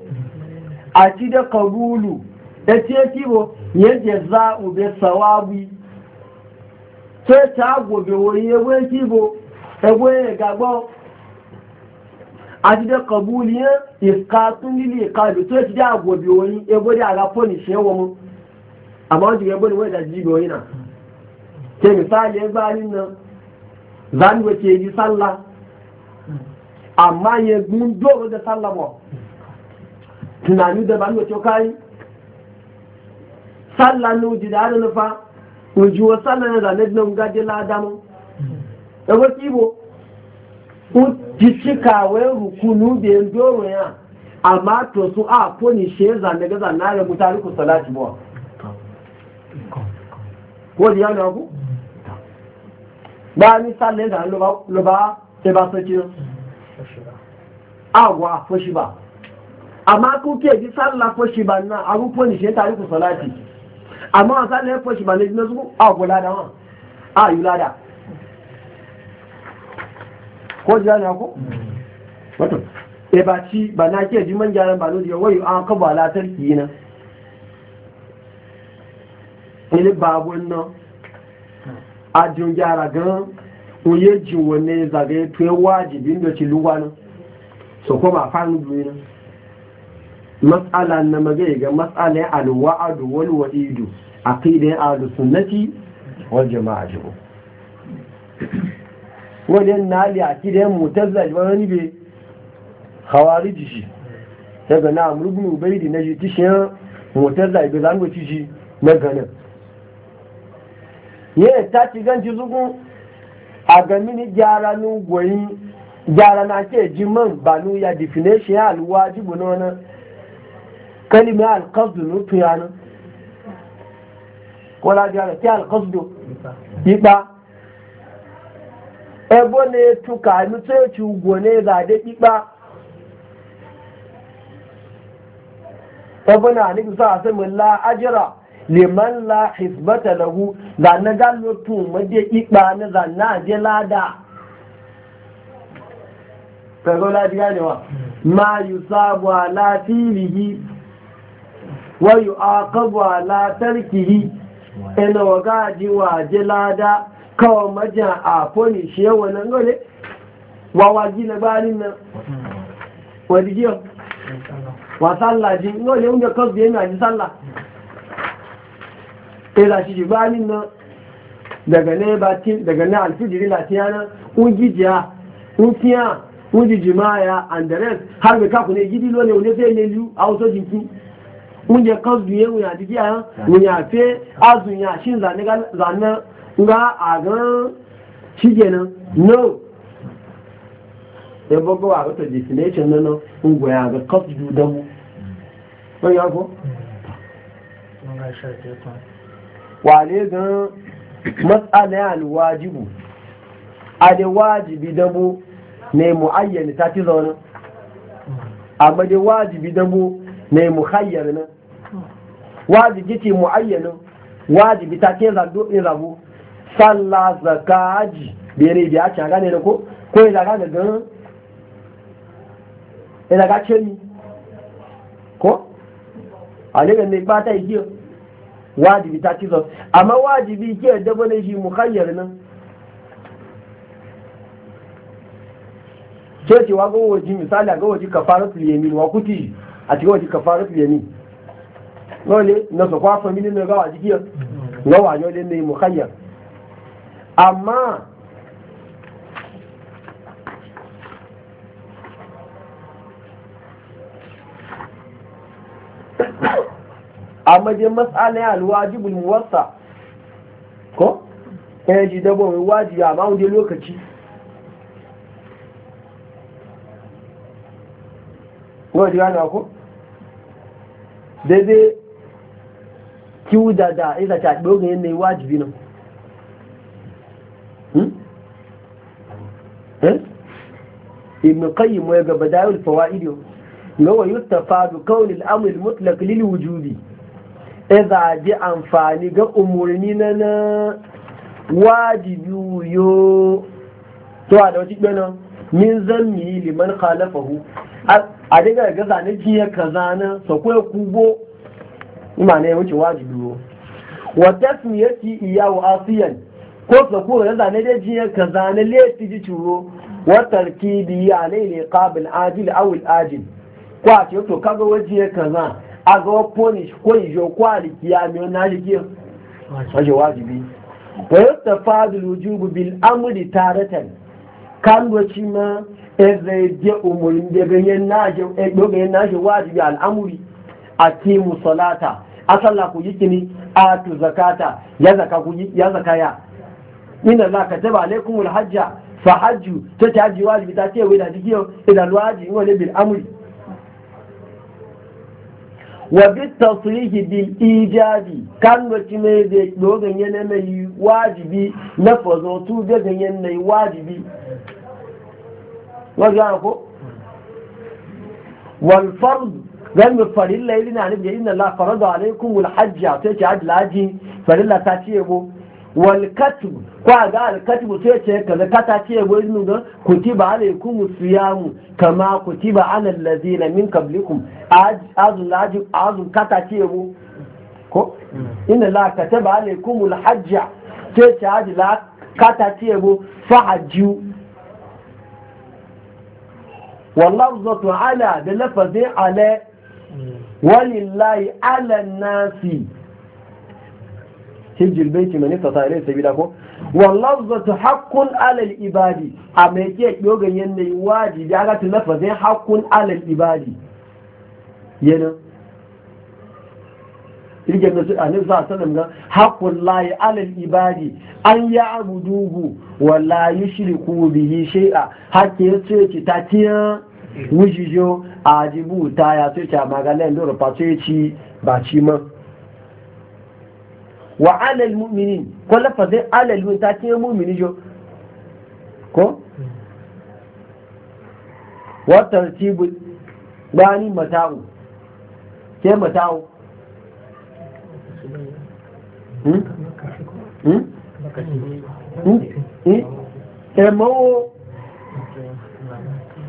a ci da kabulu ya ce kibo yadda za ube sawabi sai ta gobe wani yagwe kibo yagwe e ya e gagbo a ti e da kabulu ya iskatun lili ikabi sai ti da gobe wani yagwe da aga foni shi yawon mu amma wajen yagwe da wani misali sallah sallah tunani da ba mu kyau kai sallah nu ji da na fa mu ji wa sallah na zanen nan ga de la damu da wasi bo ku ji cika wai rukunu da yan doro ya amma to su a ko ni she zanen ga zanen ya mutare ku salati bo ko di yana ku ba ni sallah da lo ba lo ba sai ba sai ki awa foshi ba amma ku ke ji sallah ko shi ban na abu ko ni shi ta ku salati amma sallah ko shi ban ne su a gula da wa a yula da ko ji na ko wato e ba ci ba na ke ji man jaran ba ne wai an ka ba la tarki na ile e babu nan a jin gyara gan oye jiwo ne zagaye tuwe wajibin ndo ci luwa nan so kuma fa nu duniya matsala na mazai ga matsala ya alwa'adu wal wa'idu da ya ahlus sunnati wal jama'a jibo wajen na ali aqida ya ba wani be khawariji shi gana a amru bai da na ji tishin mutazila be zan go tishi na ganin yi ta ci ganci zugun a gami ni gyara nu gyara na ke jiman ba nu ya definition alwajibu na wani kalima alkasdu nufin yanin wọ́la jẹ́ rẹ̀ tí alkasdu ipa ẹgbọ́ na etuka ní tó ugbo ní ìzàdé ipa ẹgbọ́ na níbi sọ àṣẹ́mọ̀ la ajira liman la hisbata lahu zanaga lotun mọ́jẹ́ ipa ní zanajẹ́ ládàá pẹ̀lú ládìí ánìwá ma yusabu ala filihi wayo aqabu ala tarkihi ina ji wa lada kawo maja a foni shi yawa nan gole na nan wadi jiyo wa ji gole yana ji ila shi nan daga ne batin daga ne alfijiri ungijiya har ga kaku ne gidi lo ne zai a wunye kan zuye wunya jiki a wunya fe a zunya shi zane ga a gan shige nan. no ya e bugu a wata destination na nan ungwa ya ga kasu judan mu wani ya ko? wale gan matsala ya alwajibu a da wajibi dabo ne mu'ayyana ta ci zaune hmm. amma da wajibi dabo ne muhayyar nan wajibi ce mu'ayyanin wajibi ta ce zando in rabu sallah zakaji da yare biya ce gane da ko ko ya zaga ga gan ya zaga ce ni ko a daga ne ba ta yi giyo wajibi ta ci zo amma wajibi ke da bane shi mukayyar nan ce ce wa ga wajibi misali ga wajibi kafaratul yamin wa kuti a cikin wajibi kafaratul yamin dole na su kwafa mini na gawa jikiyar gawa yau ne mai muhayyar amma amma dai matsala ya alwajibul muwassa ko eh ji dabo mai wajibi amma wani lokaci ko ji gane ko daidai Kiwu da da ìdà tí àgbẹ̀ ogun ní wájìbí hmm eh? ibn qayyim ya gaba da yawon fawaidi ga wa yuttafadu kawli al-amr al-mutlaq lil za a ji amfani ga umurni na na wajibi yo to a da wajibi na min zammi liman khalafahu a daga ga zane jiya kaza na sakwai kubo ima ne wuce wajibi wo wa tasmiyati wa asiyan ko sa ko da zane da jiya ka zane laifi ji curo wa tarkibi alai ne qabil ajil aw al ajil ko a ce to kaga waje kaza a ga punish ko ijo kwaliki ya mi na jiki waje wajibi wa yastafadul wujub bil amri taratan kan doci ma ezai je umurin da ganyen na je e wajibi al amri atimu salata asalla ku yi kini a tu zakata ya zaka ku ya zaka ya inna la kataba alaikumul hajja fa hajju ta ta haji wajibi ta ce wai da dikiyo idan waji wani bil amri wa bi tasrih bil ijabi kan wati mai da dogon yana mai wajibi na fazo tu da ganyen mai wajibi wajen ko wal fardu ذل مفرين لا يدين عن الجين الله فرض عليكم والحج عطيك عد لاجي فرلا تاتيه والكتب قال الكتب تيتي كذا كتاتيه بو كتب عليكم الصيام كما كتب على الذين من قبلكم عد عد لاجي عد كتاتيه إن الله كتب عليكم الحج تيتي عد لا كتاتيه فحجوا واللفظة على بلفظ على walillahi ala nasi hijjil baiti man istata ilayhi da ko wallazza haqqun ala alal ibadi a me ke dogan yanne wajibi aga ta lafazin haqqun ala al-ibadi yana Irgen da su a nan za a sanin ga haƙƙun layi alal ibadi an ya abu duhu wa la yushriku bihi shay'a hakke ce ta tiyan wujijo a jibu ta ya ta magalen lura face ci ba ci ma ta mu'mini jo ko wa tartibu mata'u ke mata'u hmm? hmm hmm hmm eh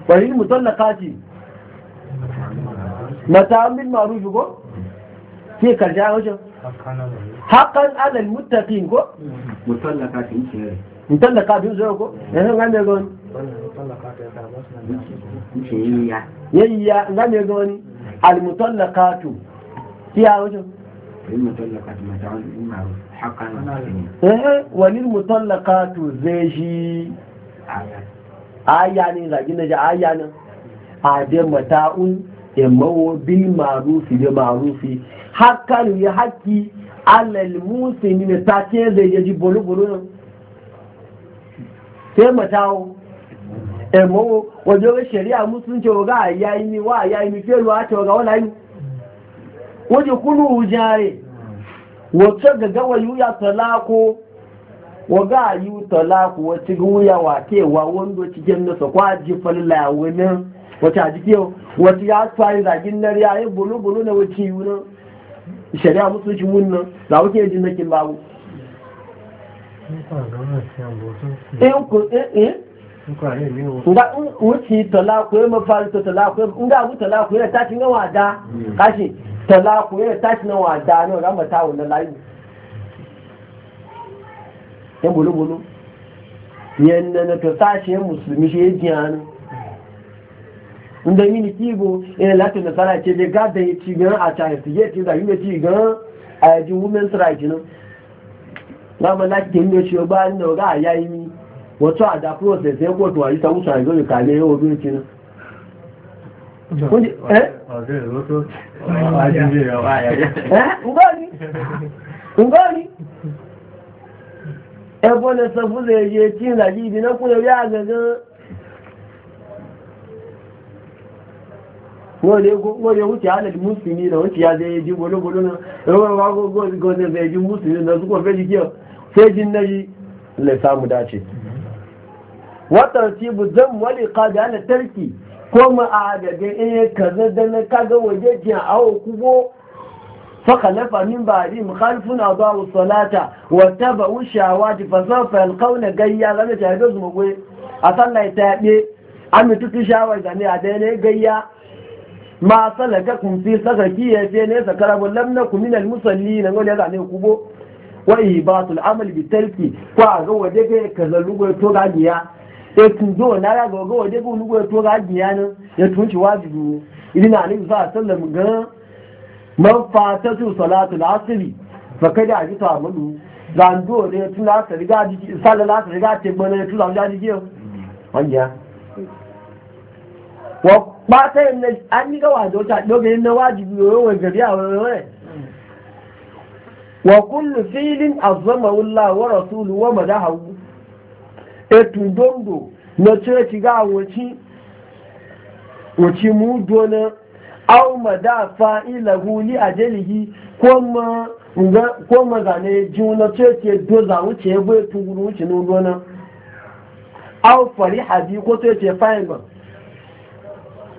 fahil mutallaqati mata'an bil ma'ruf ko ke karshe a wajen haqqan 'ala al muttaqin ko mutallaqati ce mutallaqati zuwa ko yanzu eh, ga me gon yayya ga me gon al mutallaqatu ki a wajen للمطلقات متاع بالمعروف حقا وللمطلقات aya ne zagi na ji aya nan a mata'un yammawo e bil marufi da marufi hakan ya haki alal musulmi ne ta ce zai yaji bolo-bolo nan sai mata’un yammawo e wajen shari'a musulunci wa ga yayi ni wa yayi ni felu a cewa ga wani yi kunu jare ya talako waga yi talaku wacce guya wa ke kewa wanda cikin nasa kwa jifan lawunin wacce a jikin wacce ya tsaye zagin na riya yin bulu-bulu na wacce yi wunan shari'a musu shi wunan za wuke jin nakin babu eh, eh, eh. nga wuce talaku ya mafari ta talaku ya nga abu talaku ya tashi na wada hmm. kashi talaku ya tashi na wada ne ga mata wannan layu yan bolo-bolo yadda na to sashen musulmi shi ya jiya ne inda mini kibo yana latin da sana ce dai gada gan a china su yi da yi ci a women's rights nan na ma lati yin da shi process ya yi ta wuce a zo da ẹbọ́ lè sọ fún lèyẹ tí ń làjí ibi náà kún lórí àgẹ̀gán wọ́n lè wúti alẹ́lì mùsùlùmí náà wọ́n ti yá lẹ́yẹ jí gbọ́lógbọ́ló náà ẹwọ́n wá gbogbo mùsùlùmí náà dace watan zan ko a na waje jiya awo kubo فخلف من بعدهم خلف أضاعوا الصلاة واتبعوا الشهوات فسوف يلقون جيا غيا تهدوز مغوي أصلا يتابي أمي تكي شهوة زاني أديني غيا ما سلككم في سككي يتيني سكرب لم نكن من المصلين نقول يزا ني كوبو وإيباط العمل بالتركي وأغو ودك كزلوغو توغانيا ekunjo na ragogo wadda bu nugo to gajiya ne ya tunci wajibi idina ne za sallam ga man fatatu salatul asri fa kada a ji ta mulu zando ne tun la ta riga ji sallar la ta riga ce bana tun la ja ji ji wanya wa ba ta ne an yi gawa da wata doge na wajibi yo wa gari a wani wa kullu filin azzama Allah wa rasulu wa hau etu dondo na ce ci ga wuci wuci mu dona aw mada fa'ilahu ni ajalihi kuma ko mazane juna ce ce doza wuce ya bai tunguru wuce nuno na aw fari habi ko ce ce fayin ba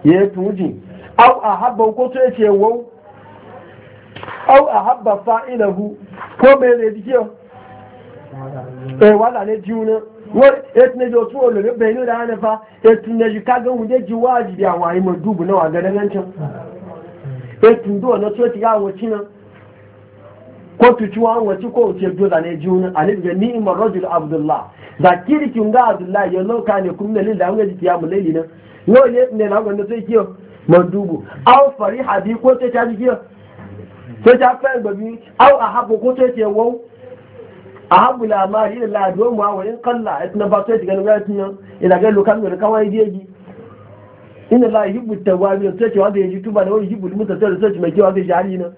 ya tuji aw ahabba ko ce ce wau aw ahabba fa'ilahu ko bai ne dikiyo eh wala ne juna etu na ji otu olori benin da hannufa etu na ji kagan wuje ji wajibi a wayi mai dubu na wagadan yancin etu ndo na so ti gawo cinan ko tuci wa wace ko wace doza ne ji wani alif ga ni'imar rajul abdullah da kirkin ga abdullah ya loka ne kuma da lilla wani jiki ya mulaili nan yau ne ne na gwanda sai kiyo mandubu aw fari hadi ko sai ta ji kiyo sai ta fa gbabi aw ahabu ko sai ta wau ahabu labari ila laduwa mu hawa in kalla ya tuna ba sai ganin gatin nan ila ga kawai jeji inna la yuhibbu tawwabi na ce wanda yaji tuba da wani yuhibbu mutasarri sai ce mai kewa zai jari nan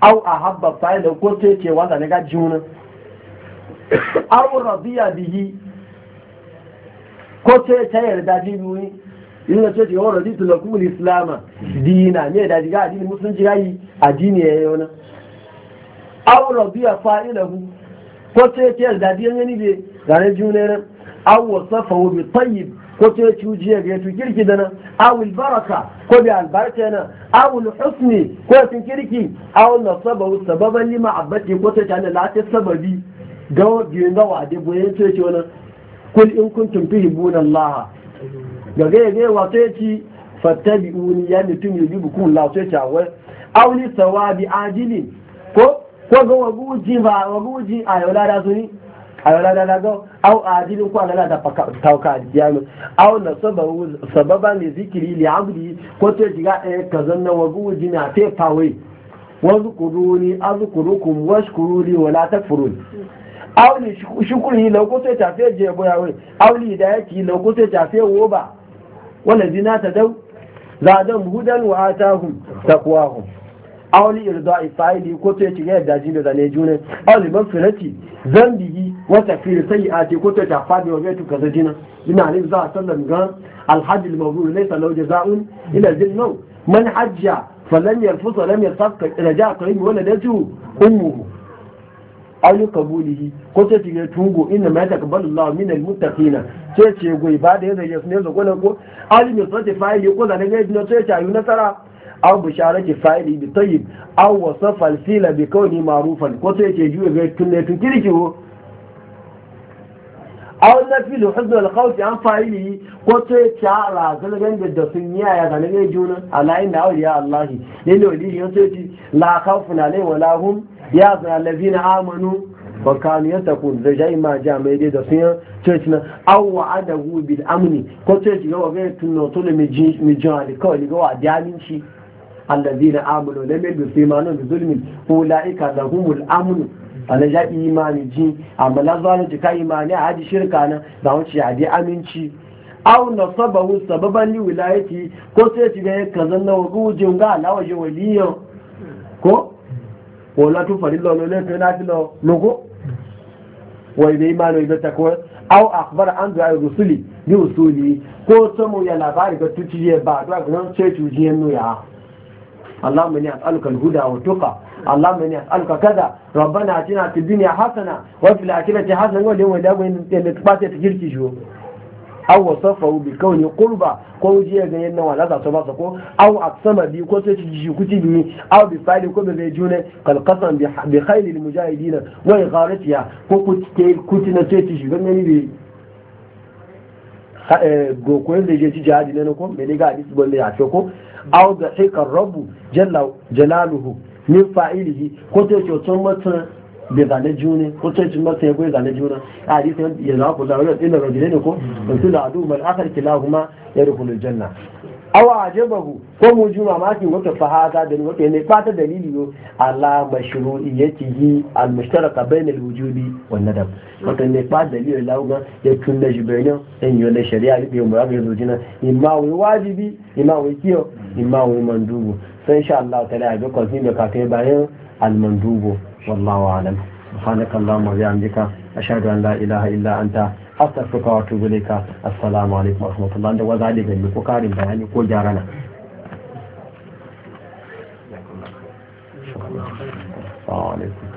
aw ahabba fa'ila ko sai ce wanda juna bihi ko sai ta yarda bi ni dina da ko ce ce da diyan yani be gane june nan aw wasafahu bi tayyib ko ce ci ujiya ga to kirki dana aw al baraka ko bi al baraka na aw al husni ko tin kirki aw nasabahu sababan li ma'abati ko ce ta la ta sababi ga biyan ga wade boye ce ce wannan kul in kuntum tuhibbuna allaha ga ga ga wato ya ci fattabi'uni ya mutum yujibukum la ta ta wa aw li sawabi ajilin ko waga waguji ba waguji a yau lada su ni a yau lada na gau au a adilin ko alala da tauka jiyami au na sababa ne zikiri li abdi ko to shiga ɗaya kazan na waguji na te fawai wanzu kuruni azukurukum washkuruli wala takfuruni au ni shukuri lau ko to tafiya je boyawai au ni da yaki lau ko to tafiya ba, wala zina ta dau zadan hudan wa atahum takwahum awli irda isaili ko to yace ya zane jini da ne juna awli wata zambihi sai a ce ko to ta fadi wa gaitu tuka zina ina ne za a sallam ga alhaji ne laysa lahu jazaa'un ila jinnu man hajja فلم يرفض ولم يرتفق رجاء قريب ولدته أمه ayu kabulihi ko to tige tungo inna ma taqabbalu Allah min almuttaqina ce ce goyi ba da yadda ne zo ko alim yusati fa'ili ko da ne ga idin ce ta ayu tsara. aw bisharati fa'ili bi tayyib aw wasafa al-fila bi kawni ma'rufan ko sai ce juye ga tunne tun kirki ko aw nafi lu huzn al-khawf an fa'ili ko sai ce ala zalgan da sun yi ya ga ne juna ala inna awliya Allah ne ne wali yan sai ce la khawfun alayhi wa lahum ya zalazina amanu wa kanu yatakun da jai ma jami'ai dai da sun yi church na aw wa'adahu bil amni ko sai ce ga wa ga tunno tole mi jin mi jin alikawli ga wa daminci allazina amanu lam yadkhulu imanuhum bi zulmin ulaika lahumul amn ana ja imani ji amma la zalunci ka imani a hadi shirka nan da wuce a dai aminci aw nasabahu sababan li wilayati ko sai ci ga kazan na wagu jinga alawa je waliyo ko wala tu farilo lo le na ti lo logo wai bai imani ta ko aw akhbar an da rusuli bi usuli ko samu ya labari ga tuci ba da ga sai ci jiyan ya اللهم اني اسالك الهدى والتقى اللهم اني اسالك كذا ربنا اتنا في الدنيا حسنه وفي الاخره حسنه واليوم ده وين تبات تجيرتي شو aw wasafahu bi kauni qurba ko jiya ga yanna wala za su ba su ko aw aqsama bi ko sai ji kuti bi aw bi fali ko bi june kal qasam bi khayl al mujahidin wa igharatiha ko kuti kuti na sai ji ga ne bi go ko da je ji ko me ne ga hadisi bolle ya ko aw da hikar rabu jalaluhu min fa'ilihi ko ta ce tun mutum bai zane juni ko ta ce mutum ya goyi zane juna a hadisin ya zama ku zama ina rajulai ne ko wasu da adu mal akar kila kuma ya rukunin janna awa ajabahu ko mu ji mamakin wata fahaza da wata ne fata dalili yo ala mashru'iyyatihi al-mushtaraka bain al-wujubi wan nadab wata ne fa dalili la ga ya kunna jibrina en yo le sharia bi mu ra ga zujina imma wai wajibi imma wai kiyo imma wai mandubu sai insha Allah ta'ala ga ko zin da ka kai bayan al-mandubu wallahu alam subhanakallahumma wa bihamdika ashhadu an la ilaha illa anta astaghfiruka wa atubu ilayka assalamu alaikum wa rahmatullahi da waza da gani ko karin bayani ko gyara na Assalamu alaikum